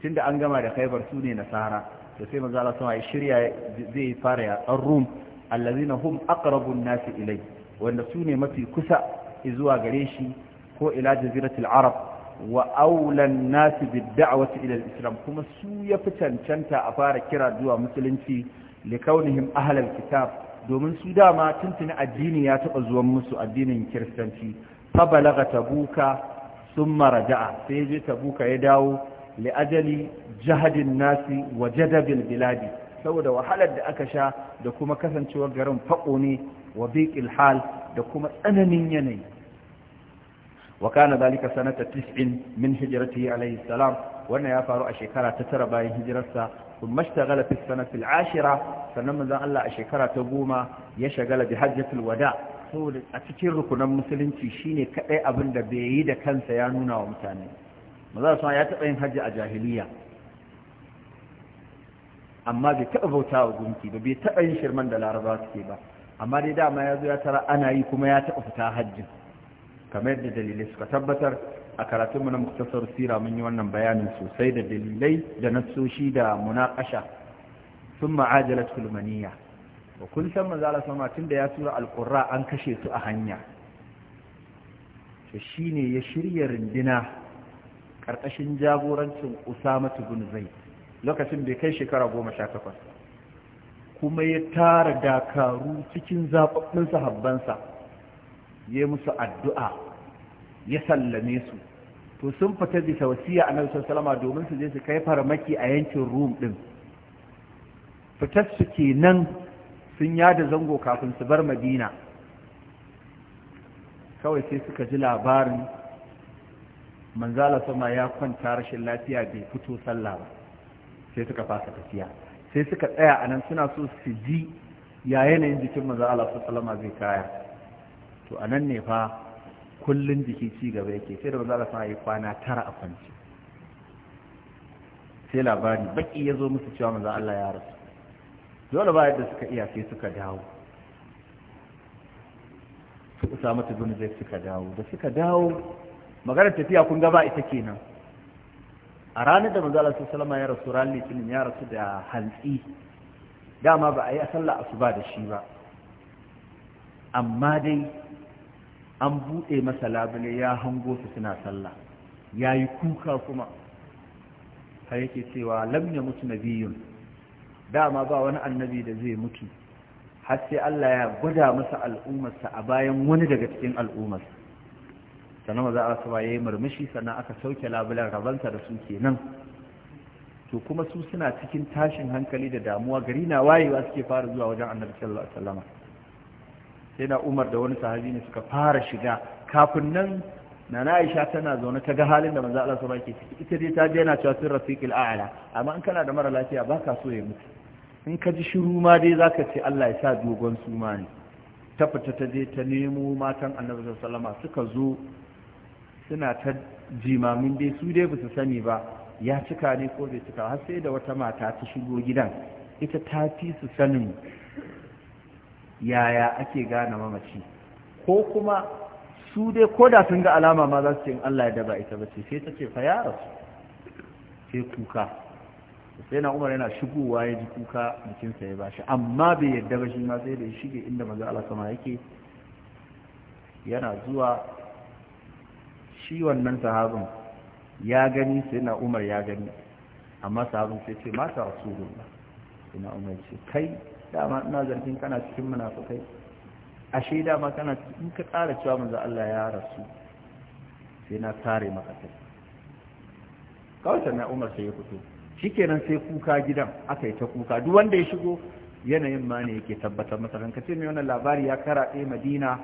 tunda an gama da khaybar sune nasara to sai manzo Allah sama ya shirya zai fara yakar rum allazina hum aqrabu an-nasi ilay wanda sune mafi kusa zuwa gare shi ko ila jaziratul arab wa aulan nasi bid-da'wati ila al-islam kuma su ya fi cancanta a fara kira zuwa musulunci li kaunihim ahlal kitab domin su dama tuntuni addini ya taɓa zuwan musu addinin kiristanci fa balaga tabuka thumma raja'a sai je tabuka ya dawo li ajali jahadin nasi wa jadabil biladi saboda wahalar da aka sha da kuma kasancewar garin faƙo ne wa biƙil hal da kuma tsananin yanayi وكان ذلك سنة تسع من هجرته عليه السلام salam wannan ya faru a shekara ta ثم اشتغل في السنة العاشرة فنما ذا الله أشكرا تقوما يشغل بحجة الوداء سول أتكير نمسلين في شيني كأي أبن دبيعيد كان سيانونا ومتاني ماذا سواء يتقين حجة جاهلية أما بي تأبو تاو قمتي ببيتقين شرمان دلار باتكي با amma dai dama ya zo ya tara ana yi kuma ya taɓa fita hajjin kamar yadda dalilai suka tabbatar a karatunmu na muktasar sira mun yi wannan bayanin sosai da dalilai da nassoshi da munaƙasha sun ma'ajalat kulmaniya ba kun san manzala sama tun da ya tura alƙurra an kashe su a hanya to shine ya shirya rindina ƙarƙashin jagorancin usamatu bin zai lokacin bai kai shekara goma sha takwas kuma ya tara dakaru cikin zaɓaɓɓun sahabbansa ya yi musu addu'a ya sallame su to sun fita bisa wasiya a nan salama domin su je su kai farmaki a yankin rum ɗin fitarsu ke nan, sun yada zango kafin su bar madina kawai sai suka ji labarin manzala sama ya kwanta rashin lafiya bai fito sallah ba sai suka fasa tafiya sai suka tsaya a nan suna so su ji ya yanayin jikin maza Allah su salama zai kaya to a nan ne fa kullun jiki ci gaba yake sai da maza Allah yi kwana tara a kwanci sai labari baki ya zo musu cewa maza Allah ya rasu dole ba yadda suka iya sai suka dawo su usama bin zai suka dawo da suka dawo maganar tafiya kun gaba ita kenan a ranar da manzo Allah sallama ya rasu ran litinin ya rasu da hantsi dama ba a yi sallah asuba da shi ba amma dai an buɗe masa labule ya hango su suna sallah ya yi kuka kuma har yake cewa lamya mutu nabiyun dama ba wani annabi da zai mutu har sai Allah ya gwada masa al'ummarsa a bayan wani daga cikin al'ummarsa sannan za a su ya murmushi sannan aka sauke labulan rabanta da su nan to kuma su suna cikin tashin hankali da damuwa gari na wayewa suke fara zuwa wajen annabi sallallahu alaihi wasallam sai na Umar da wani sahabi ne suka fara shiga kafin nan na Aisha tana zaune ta ga halin da manzo Allah sallallahu alaihi yake ita dai ta je yana cewa sir rafiqil a'la amma in kana da mara lafiya baka so ya mutu in ka ji shiru ma dai zaka ce Allah ya sa dogon suma ne ta fita ta je ta nemo matan annabi sallallahu alaihi wasallam suka zo suna ta jimamin dai su dai ba su sani ba ya cika ne ko bai cika har sai da wata mata ta shigo gidan ita ta fi su sanin yaya ake gane mamaci ko kuma su dai ko da sun ga alama ma za su ce Allah ya daba ita ba ce sai ta ce fa ya rasu sai kuka sai na umar yana shigowa ya ji kuka jikinsa ya bashi amma bai yadda ba shi ma sai da ya shige inda manzo Allah sama yake yana zuwa shi wannan sahabin ya gani sai na umar ya gani amma sahabin sai ce mata rasulullah sai na umar ce kai dama ina zargin kana cikin munafukai ashe dama kana in ka tsara cewa manzo Allah ya rasu sai na tare maka kai kawai sai na umar sai ya fito shikenan sai kuka gidan aka yi ta kuka duk wanda ya shigo yanayin ma ne yake tabbatar masa ranka ce mai wannan labari ya karaɗe madina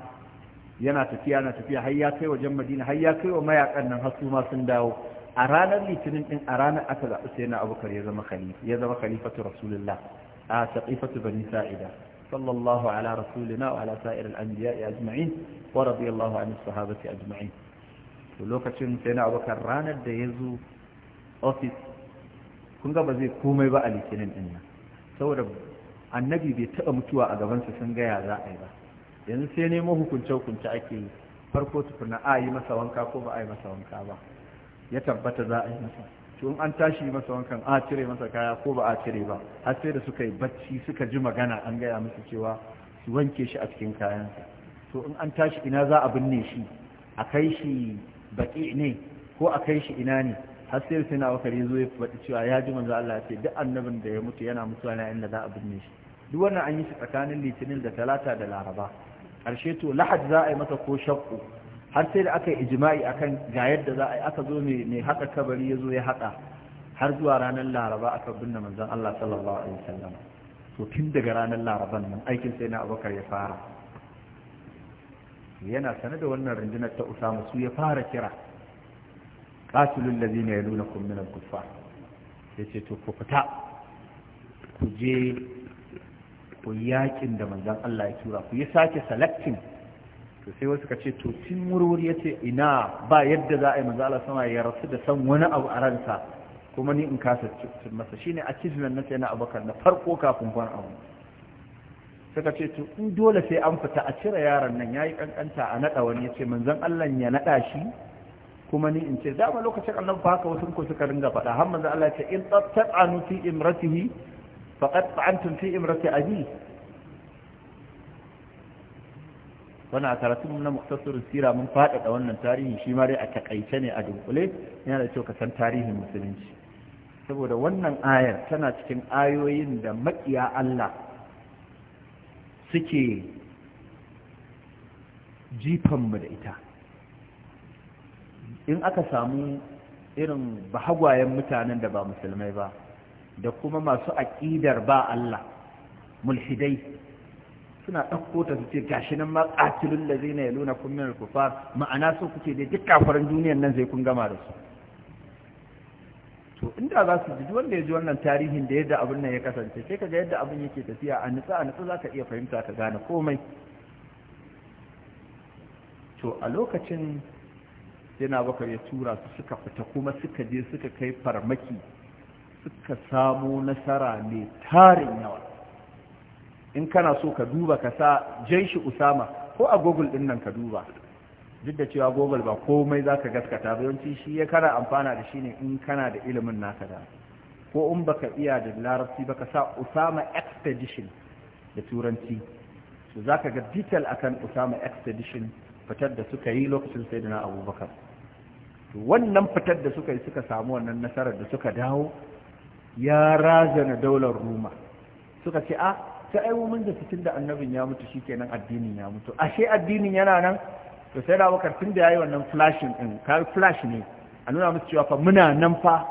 yana tafiya na tafiya har ya kai wajen madina har ya kai wa mayakan nan har su ma sun dawo a ranar litinin din a ranar aka zaɓi sai na abubakar ya zama khalifa ya zama khalifatu rasulullah a saqifatu bani sa'ida sallallahu ala rasulina wa ala sa'ir al-anbiya ajma'in wa radiyallahu anhu sahabati ajma'in to lokacin sai na abubakar ranar da ya zo ofis kun ga ba zai komai ba a litinin din nan saboda annabi bai taɓa mutuwa a gabansa sun ga ya za a yi ba yanzu sai nemo hukunce hukunce ake yi farko tukuna a yi masa wanka ko ba a yi masa wanka ba ya tabbata za a yi masa to an tashi masa wankan a cire masa kaya ko ba a cire ba har sai da suka yi bacci suka ji magana an gaya musu cewa su wanke shi a cikin kayansa to in an tashi ina za a binne shi a kai shi baki ne ko a kai shi ina ne har sai sai na wakari zo ya faɗi cewa ya ji manzo Allah ya ce duk annabin da ya mutu yana mutuwa na inda za a binne shi duk wannan an yi shi tsakanin litinin da talata da laraba ƙarshe to lahad za a yi masa ko shakku har sai da aka yi ijima'i akan ga yadda za a yi aka zo mai haka kabari ya zo ya haɗa har zuwa ranar laraba aka binne manzon Allah sallallahu alaihi wasallam to tun daga ranar laraban nan aikin sai na abokar ya fara yana sanar da wannan rundunar ta usama su ya fara kira qatilul ladina yalunakum nuna al-kuffar yace to ku fita ku je ku yakin da manzan Allah ya tura ku ya sake selecting to sai wasu ka ce to tun wurwuri ya ce ina ba yadda za a yi manzon Allah sama ya rasu da san wani abu a ransa kuma ni in kasa masa shine achievement na sai na abokan na farko kafin kwan abu suka ce to in dole sai an fita a cire yaron nan yayi kankanta a nada wani yace manzon Allah ya nada shi kuma ni in ce dama lokacin annabi fa haka wasu ko suka ringa faɗa har manzon Allah ya ce in tabtanu fi imratihi faƙad fa'antun fi imrati abi wani a karatun na muktasarin sira mun faɗaɗa wannan tarihi shi ma dai a takaice ne a dunkule yana da kyau ka san tarihin musulunci saboda wannan ayar tana cikin ayoyin da maƙiya Allah suke jifanmu da ita in aka samu irin bahagwayen mutanen da ba musulmai ba da kuma masu aƙidar ba Allah mulhidai suna ɗauko ta su ce gashi nan ma ƙatilun da zai na yalo na kummin kufar ma'ana so kuke da duk kafaran duniyan nan zai kun gama da su to inda za su ji wanda ya ji wannan tarihin da yadda abin nan ya kasance sai kaga yadda abin yake tafiya a nutsa a nutsa za ka iya fahimta ka gane komai to a lokacin yana baka ya tura su suka fita kuma suka je suka kai farmaki suka samu nasara ne tarin yawa in kana so ka duba ka sa jaishi usama ko a google din nan ka duba duk da cewa google ba komai za ka gaskata ba yawanci shi ya kana amfana da shi ne in kana da ilimin naka da ko in baka iya da larabci baka sa usama expedition da turanci su za ka ga detail akan usama expedition fitar da suka yi lokacin sai abubakar wannan fitar da suka yi suka samu wannan nasarar da suka dawo ya razana daular Roma suka ce a ah, ta aiwomin da fitin da annabin ya mutu shikenan addinin ya mutu ashe addinin yana nan to sai da bakar tun da yayi wannan flashing din ka flash ne a nuna musu cewa fa muna nan fa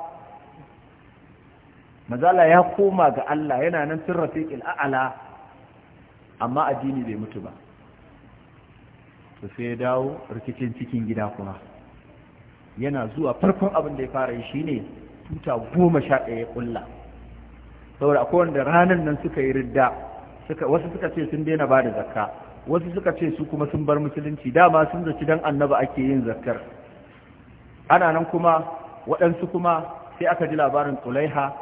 mazala ya koma ga Allah yana nan tun rafiqil a'ala amma addini bai mutu ba to sai ya dawo rikicin cikin gida kuma yana zuwa farkon abin da ya fara shi ne. tuta goma sha ɗaya ya ƙulla saboda akwai ranar nan suka yi ridda wasu suka ce sun daina ba da zakka wasu suka ce su kuma sun bar musulunci dama sun zaci don annaba ake yin zakkar ana nan kuma waɗansu kuma sai aka ji labarin tsulaiha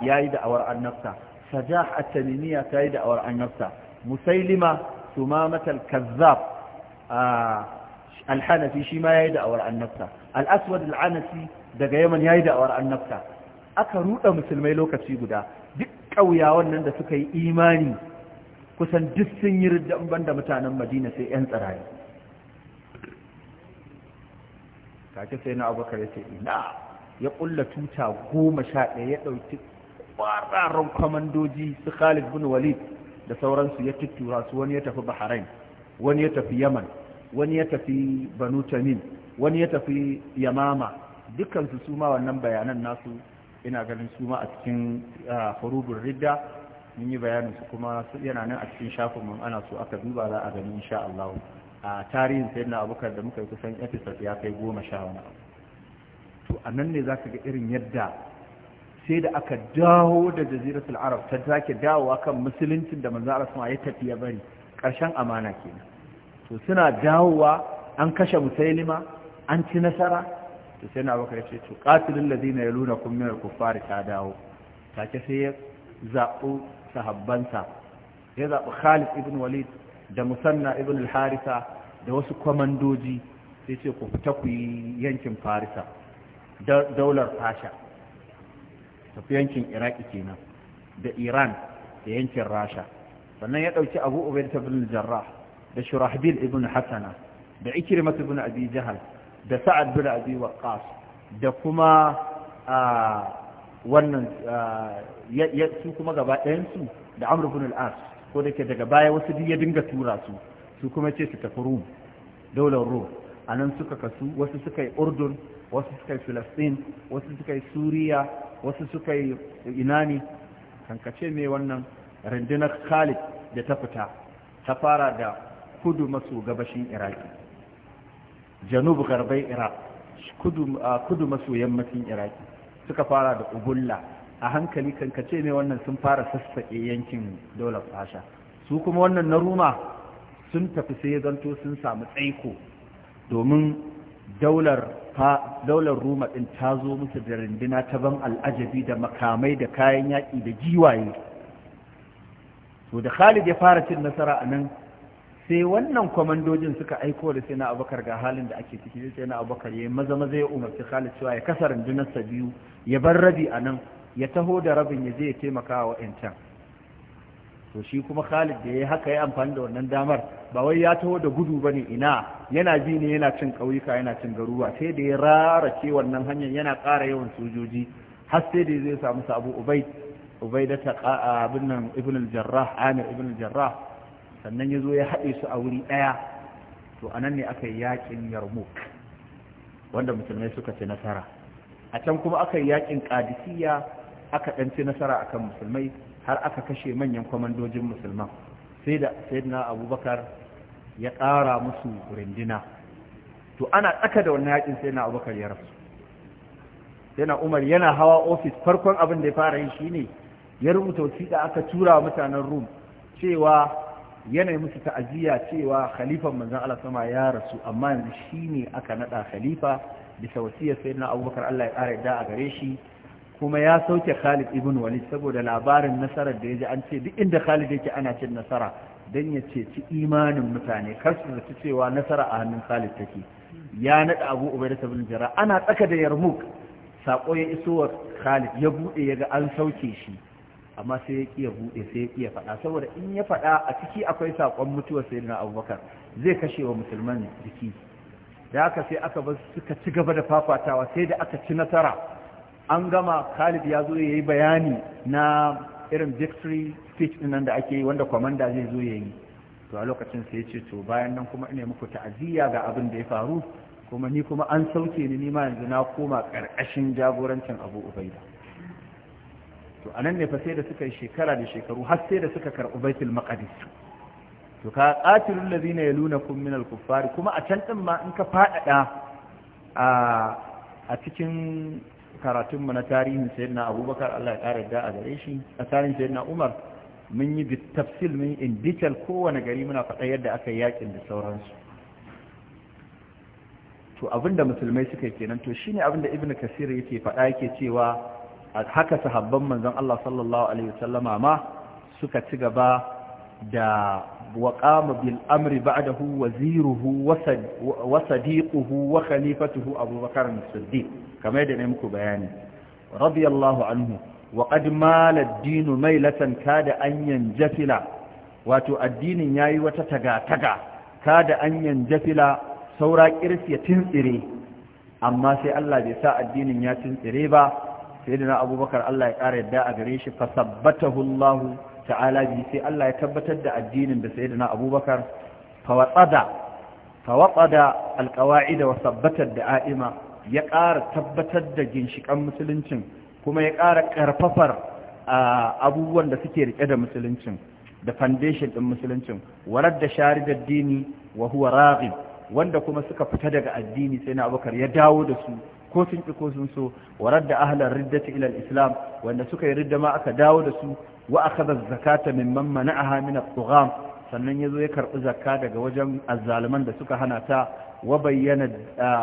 ya yi da'awar annabta sajah a taniniya ta yi da'awar annabta musailima su ma matal kazzab ah, alhanafi shi ma ya yi da'awar annabta al-aswad daga yaman yayi da'awar annabta aka ruɗa musulmai lokaci guda duk ƙauyawan nan da suka yi imani kusan duk sun yi riddan da mutanen madina sai yan tsirayi take sai na abubakar ya ce ina ya ƙulla tuta goma sha ɗaya ya ɗauki ƙwararren kwamandoji su khalid bin walid da sauransu ya tuttura su wani ya tafi bahrain wani ya tafi yaman wani ya tafi banu tamim wani ya tafi yamama dukansu su ma wannan bayanan nasu ina ganin su ma a cikin farubin ridda mun yi bayanin su kuma yana nan a cikin shafin mun ana so aka duba za a gani insha Allah a tarihin sai na abukar da muka yi kusan episode ya kai goma sha wani to a nan ne za ka ga irin yadda sai da aka dawo da jaziratul arab ta take dawowa kan musuluncin da manzo Allah ya tafi ya bari karshen amana kenan to suna dawowa an kashe musailima an ci nasara to sai na bakar ce to qatilul ladina yalunakum min al-kuffari ta dawo take sai ya zabu sahabbansa ya zabi Khalid ibn Walid da Musanna ibn al da wasu komandoji sai ce ku fita ku yankin Farisa daular Fasha tafi yankin Iraki kenan da Iran da yankin Rasha sannan ya dauki Abu Ubaidah ibn jarrah da Shurahbil ibn Hasana da Ikrimah ibn Abi Jahal da sa'ad bin abi ƙas da kuma wannan su kuma gaba ɗayansu da amr bin al ko da ke daga baya wasu duk ya dinga tura su su kuma ce su tafi rum daular rum a nan suka kasu wasu suka yi urdun wasu suka yi filistin wasu suka yi suriya wasu suka yi inani kankace mai wannan rundunar khalid da ta fita ta fara da kudu maso gabashin iraki janubu garbai iraq kudu maso yammacin iraki suka fara da ubulla a hankali kankace ne wannan sun fara sassaƙe yankin daular fasha su kuma wannan na ruma sun tafi sai zanto sun samu tsaiko domin daular daular ruma din ta zo musu da rindina ta ban al'ajabi da makamai da kayan yaƙi da giwaye to da khalid ya fara cin nasara a nan sai wannan kwamandojin suka aiko da sai na abubakar ga halin da ake ciki sai na abubakar ya maza maza ya umarci khalid cewa ya kasa rundunarsa biyu ya bar rabi a nan ya taho da rabin ya je taimaka wa 'yancan. to shi kuma khalid da ya yi haka ya amfani da wannan damar ba wai ya taho da gudu bane ina yana ji ne yana cin ƙauyuka yana cin garuruwa sai da ya rarace wannan hanyar yana ƙara yawan sojoji har sai da zai samu sabu ubaid ubaidata abin nan ibn al-jarrah amir ibn jarrah sannan ya zo ya haɗe su a wuri ɗaya to a nan ne aka yi yaƙin yarmouk wanda musulmai suka ci nasara a can kuma aka yi yaƙin ƙadisiyya aka ɗan ci nasara akan musulmai har aka kashe manyan kwamandojin musulman sai da sayyidina abubakar ya ƙara musu rindina to ana tsaka da wannan yaƙin sayidina abubakar ya rasu sayidina umar yana hawa ofis farkon abin da ya fara yi shine ya rubuta wasiƙa aka tura mutanen rum cewa yanayi musu ta'aziyya cewa khalifan manzon Allah sama ya rasu amma yanzu ne aka nada khalifa bisa wasiyar na Abubakar Allah ya ƙara yadda a gare shi kuma ya sauke Khalid ibn Walid saboda labarin nasarar da ya ji an ce duk inda Khalid yake ana cin nasara dan ya ce ci imanin mutane kar su zaci cewa nasara a hannun Khalid take ya nada Abu Ubaidah ibn Jarrah ana tsaka da yarmuk sako ya iso wa Khalid ya bude ya ga an sauke shi amma sai ya kiya bude sai ya kiya fada saboda in ya fada a ciki akwai sakon mutuwar sai na abubakar zai kashe wa musulman jiki da haka sai aka bar suka ci gaba da fafatawa sai da aka ci nasara an gama khalid ya zo ya yi bayani na irin victory speech nan da ake yi wanda kwamanda zai zo ya yi to a lokacin sai ya ce to bayan nan kuma ina muku ta'aziyya ga abin da ya faru kuma ni kuma an sauke ni ma yanzu na koma ƙarƙashin jagorancin abu ubaida to anan ne fa sai da suka yi shekara da shekaru har sai da suka karɓi baitul maqdis to ka qatilul ladina yalunakum min al-kuffar kuma a can din ma in ka fadada a a cikin karatun mu na tarihin sayyidina Abubakar Allah ya kare da a gare shi a tarihin sayyidina Umar mun yi tafsil mun in detail kowane gari muna faɗa yadda aka yi yakin da sauransu to abinda musulmai suka yi kenan to shine abinda ibnu kasir yake faɗa yake cewa haka sahabban manzon Allah sallallahu alaihi wasallama ma suka ci gaba da waqama bil amri ba'dahu waziruhu wa sadiquhu wa khalifatuhu Abu Bakar as-Siddiq kamar yadda ne muku bayani radiyallahu anhu wa qad mala ad-din kada an yanjafila wato addinin yayi wata taga taga kada anyan jafila saura kirsi ya tintsire amma sai Allah bai sa addinin ya tintsire ba sayyidina abubakar Allah ya ƙara yadda a gare shi fa sabbatahu Allah ta'ala bi sai Allah ya tabbatar da addinin da sayyidina abubakar fa watsada fa watsada alqawaid wa sabbata da'ima ya ƙara tabbatar da ginshikan musuluncin kuma ya ƙara ƙarfafar abubuwan da suke rike da musuluncin da foundation din musuluncin warar da sharidar dini wa huwa raghib wanda kuma suka fita daga addini sai na abubakar ya dawo da su ko sun ki ko sun so wa radda ahlan riddati ila al-islam wanda suka yi ridda ma aka dawo da su wa akhadha zakata mimman mana'aha min hamina tugham sannan yazo ya karbi zakka daga wajen azzaluman da suka hana ta wa bayyana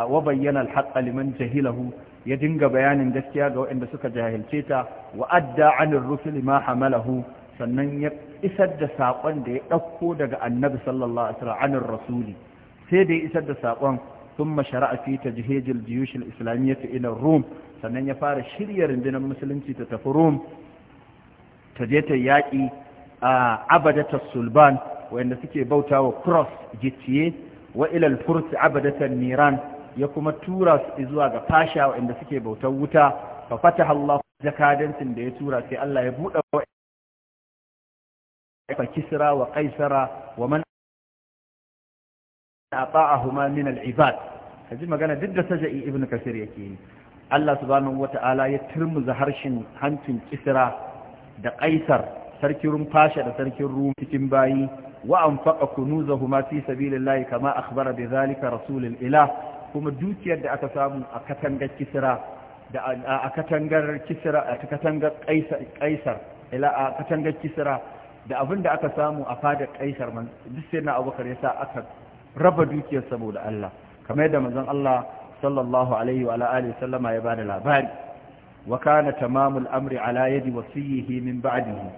wa bayyana al liman jahilahu ya dinga bayanin gaskiya ga waɗanda suka jahilce ta wa adda rusul hamalahu sannan ya isar da saƙon da ya ɗauko daga annabi sallallahu alaihi wasallam anir rasuli sai da ya isar da saƙon ثم شرع في تجهيز الجيوش الإسلامية إلى الروم sannan ya fara shirya rundunar musulunci ta tafi rom ta je ta yaƙi a abadatar sulban wanda suke bauta wa cross gicciye wa ilal furti abadatar niran ya kuma tura su zuwa ga fasha wanda suke bautar wuta fa fata Allah jakadansin da ya tura sai Allah ya buɗe wa kisra wa kaisara wa man ata'ahuma min al-ibad kaji magana duk da saja'i ibnu kasir yake yi Allah subhanahu wata'ala ya turmuza harshen hancin kisra da kaisar sarkin rum fasha da sarkin rum cikin bayi wa anfaqa kunuzahuma fi sabilillahi kama akhbara bi zalika rasulul ilah kuma dukiyar da aka samu a katangar kisra da a katangar kisra a katangar kaisar ila a katangar kisra da abinda aka samu a fadar kaisar man duk sai na abubakar yasa aka raba dukiyar saboda Allah kamar yadda manzon Allah sallallahu alaihi wa alihi sallama ya bada labari wa kana tamamul amri ala yadi wasiyyihi min ba'dihi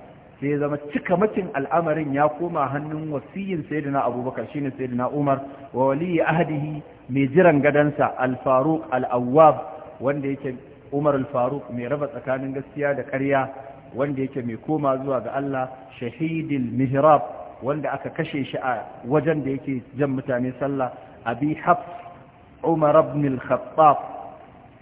sai ya zama cikamacin al'amarin ya koma hannun wasiyin sayyidina abubakar shine sayyidina umar wa waliyi ahdihi mai jiran gadansa al-faruq al-awwab wanda yake umar al-faruq mai raba tsakanin gaskiya da ƙarya wanda yake mai koma zuwa ga Allah shahidil mihrab wanda aka kashe shi a wajen da yake jan mutane sallah abi hafs umar ibn al-khattab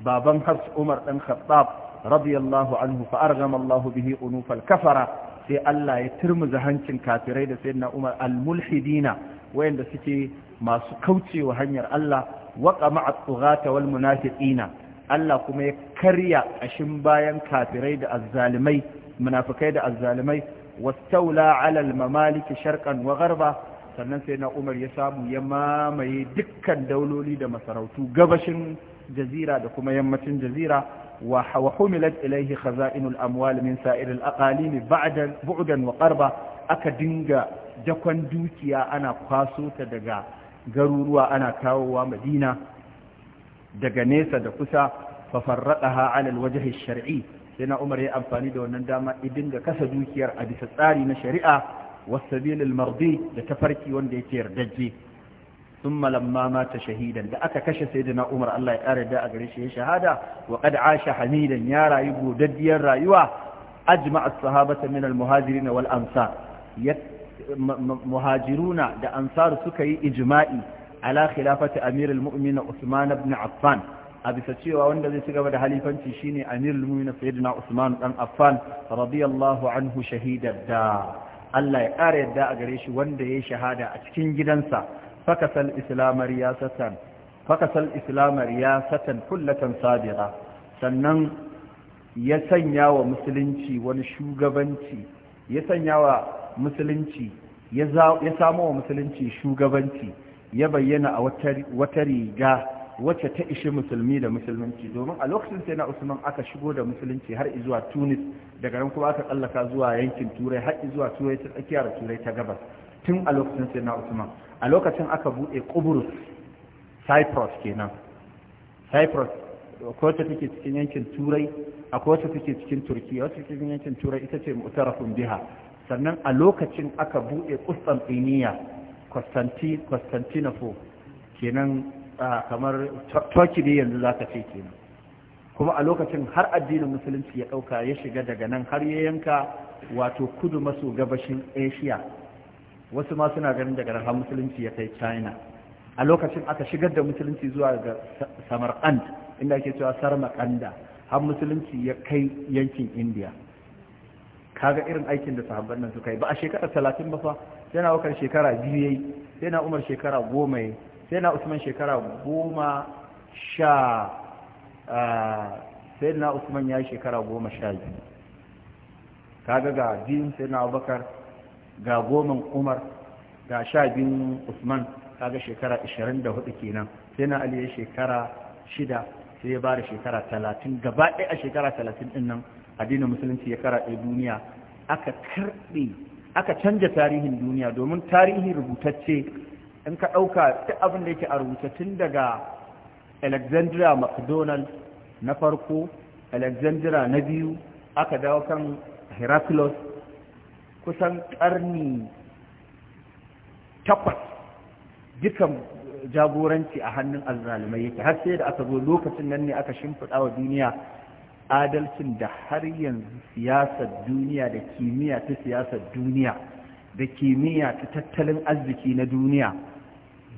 baban hafs umar dan khattab radiyallahu anhu fa argama Allah bihi unuf al-kafara sai Allah ya turmuza hancin kafirai da sayyidina umar al-mulhidina wayanda suke masu kaucewa hanyar Allah wa qama at-tughata wal munafiqina Allah kuma ya karya ashin bayan kafirai da azzalimai munafikai da azzalimai wastaula alal mamaliki sharqan wa gharba sannan sai na umar ya samu ya mamaye dukkan dauloli da masarautu gabashin jazira da kuma yammacin jazira wa humilat ilaihi khaza'inul amwal min sa'iril aqalimi ba'dan bu'dan wa qarba aka dinga jakon dukiya ana kwaso ta daga garuruwa ana kawowa madina daga nesa da kusa fa farraqaha 'ala al-wajhi shar'i sai na umar ya amfani da wannan dama idin ga kasa dukiyar a bisa tsari na shari'a wasabilil mardi da tafarki wanda yake yardajje ثم لما mata shahidan da aka kashe sai na Umar Allah ya kare da a gare shi ya shahada wa qad asha hamidan ya rayu godaddiyar rayuwa ajma as-sahabata min al-muhajirin wal ansar muhajiruna da ansar suka yi ijma'i ala khilafati amir al-mu'minin Uthman ibn Affan a bisa cewa wanda zai ci gaba da halifanci shine amirul mu'minin sayyidina usman dan affan radiyallahu anhu shahidar da Allah ya ƙara yadda a gare shi wanda ya yi shahada a cikin gidansa fakasal islamar riyasatan fakasal islamar riyasatan kullatan sabira sannan ya sanya wa musulunci wani shugabanci ya sanya wa musulunci ya samo wa musulunci shugabanci ya bayyana a wata riga wacce ta ishe musulmi da musulunci domin a lokacin sai na usman aka shigo da musulunci har zuwa tunis daga nan kuma aka tsallaka zuwa yankin turai har zuwa turai ta tsakiyar turai ta gabas tun a lokacin sai na usman a lokacin aka buɗe kuburus cyprus kenan cyprus wacce take cikin yankin turai a wacce take cikin turki wacce take cikin yankin turai ita ce mutarafin biha sannan a lokacin aka buɗe kustantiniya constantinople kenan kamar turkey ne yanzu za ka ce kenan kuma a lokacin har addinin musulunci ya ɗauka ya shiga daga nan har ya yanka wato kudu maso gabashin asia wasu ma suna ganin daga nan har musulunci ya kai china a lokacin aka shigar da musulunci zuwa ga samarkand inda ake cewa sarmakanda har musulunci ya kai yankin india kaga irin aikin da sahabban nan suka yi ba a shekara talatin ba fa yana wakar shekara biyu yayi yana umar shekara goma sai na usman shekara goma sha sai na usman ya yi shekara goma sha biyu kaga ga biyun sai na abubakar ga goma umar ga sha biyun usman kaga shekara 24 kenan sai na ali ya shekara shida sai ya ba da shekara talatin gaba ɗaya a shekara talatin ɗin nan addinin musulunci ya karaɗe duniya aka karɓe aka canja tarihin duniya domin tarihi rubutacce in ka ɗauka ta abin da yake a rubuta tun daga alexandria macdonald na farko alexandria na biyu aka dawo kan heraclus kusan ƙarni takwas dukan jagoranci a hannun alzalimai yake har sai da aka zo lokacin nan ne aka shimfiɗa wa duniya adalcin da har yanzu siyasar duniya da kimiyya ta siyasar duniya da kimiyya ta tattalin arziki na duniya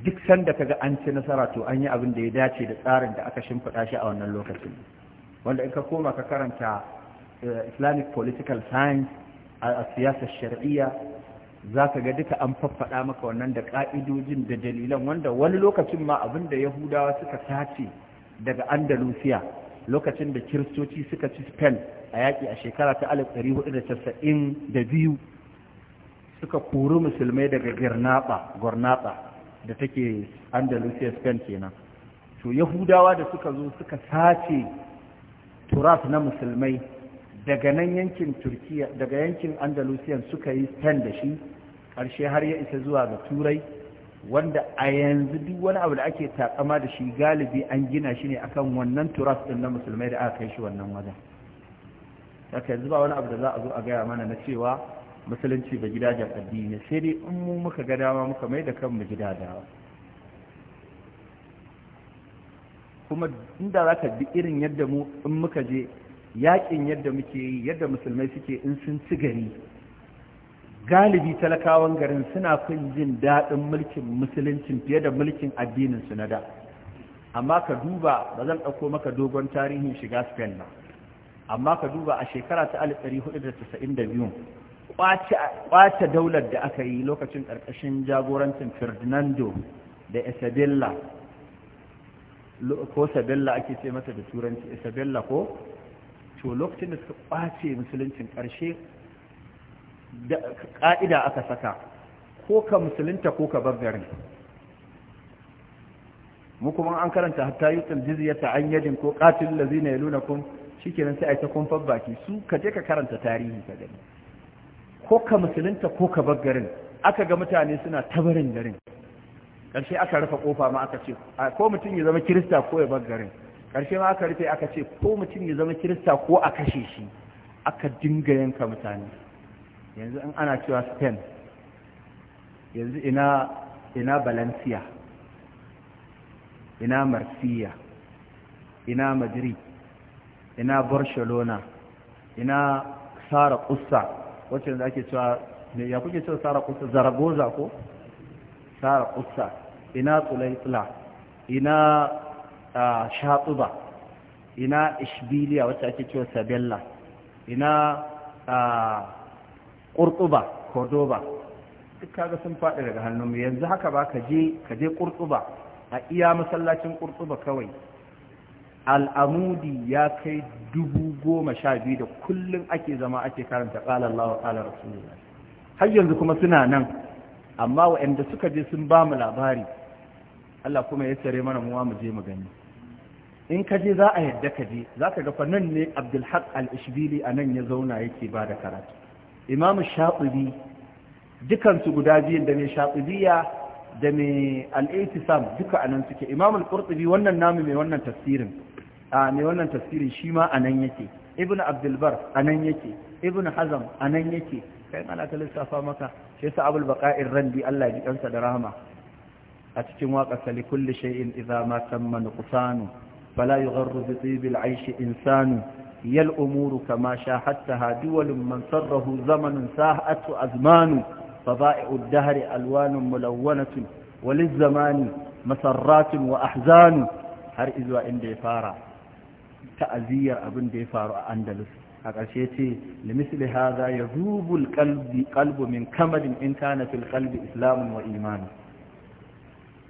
duk sanda kaga an ci nasara to an yi abin da ya dace da tsarin da aka shimfiɗa shi a wannan lokacin wanda in ka koma ka karanta eh, islamic political science a siyasar shari'a za ka ga duka an faffaɗa maka wannan da ƙa'idojin da dalilan wanda wani lokacin ma abin da yahudawa suka tace daga andalusiya lokacin da kiristoci suka ci spain a yaki a shekara ta alif hudu da da casa'in biyu suka kori musulmai daga gornaba da take andalusia spain kenan to yahudawa da suka zo suka sace turaf na musulmai daga nan yankin turkiya daga yankin Andalusiyan suka yi spain da shi ƙarshe har ya isa zuwa ga turai wanda a yanzu duk wani abu da ake takama da shi galibi an gina shi ne akan wannan turaf din na musulmai da aka kai shi wannan wajen haka yanzu ba wani abu da za a zo a gaya mana na cewa musulunci ba gidajen addini sai dai in mu muka ga dama muka mai da kanmu gida dawa kuma inda za ka bi irin yadda mu in muka je yakin yadda muke yi yadda musulmai suke in sun ci gari galibi talakawan garin suna kun jin daɗin mulkin musuluncin fiye da mulkin addinin su na da amma ka duba ba zan ɗauko maka dogon tarihin shiga spain ba amma ka duba a shekara ta 1492 kwace daular da aka yi lokacin ƙarƙashin jagorancin ferdinando da isabella ko sabella ake ce mata da turanci isabella ko to lokacin da suka kwace musuluncin ƙarshe ƙa'ida aka saka ko ka musulunta ko ka garin. mu kuma an karanta hatta yi tsaljiziya ta an ko ƙatil lazina ya nuna kun shi kenan sai a yi ta kumfan baki su ka je ka karanta tarihi ka gani ko ka musulunta ko ka bar garin aka ga mutane suna tabarin garin ƙarshe aka rufe kofa ma aka ce ko mutum ya zama kirista ko ya bar garin ƙarshe ma aka rufe aka ce ko mutum ya zama kirista ko a kashe shi aka dinga yanka mutane yanzu in ana cewa spain yanzu ina ina valencia ina marsiya ina madrid ina barcelona ina sara kusa wacce da ake cewa me ya kuke cewa sara kusa zaragoza ko sara kusa ina tsulaitsula ina shatuba ina ishbiliya wacce ake cewa sabella ina ƙurtuba cordoba duk kaga sun faɗi daga hannun yanzu haka ba ka je ka a iya masallacin ƙurtuba kawai al'amudi ya kai dubu goma sha biyu da kullum ake zama ake karanta ƙala Allah wa ƙala Rasulullah har yanzu kuma suna nan amma waɗanda suka je sun ba mu labari Allah kuma ya tsare mana muwa mu je mu gani in ka je za a yadda ka je za ka gafa nan ne abdulhaq al-ishbili a nan ya zauna yake ba da karatu imamu dukansu guda biyun da mai da mai duka a nan suke imam al'urtubi wannan namu mai wannan tafsirin a ne wannan tafsirin shi ma a nan yake ibn abdulbar a nan yake ibn hazam a nan yake kai ana ta lissafa maka shi yasa abul baqa'ir randi Allah ya kansa da rahama a cikin waƙa sali kulli shay'in idza ma tamma nuqsanu fala yugharru bi tib al aish insanu yal umuru kama sha shahattaha duwalun man sarahu zamanun sa'atu azmanu fadaa'u ad-dahri alwanun mulawwanatun وللزمان مسرات وأحزان har izuwa inda ya fara ta'aziyyar abin da ya faru a andalus a ƙarshe ce limisli haza ya zubul kalbu min kamadin in kana fil kalbi islamun wa imanu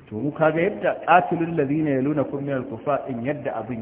to mu ga yadda qatilul ladina yaluna kum min al-kufa in yadda abin ya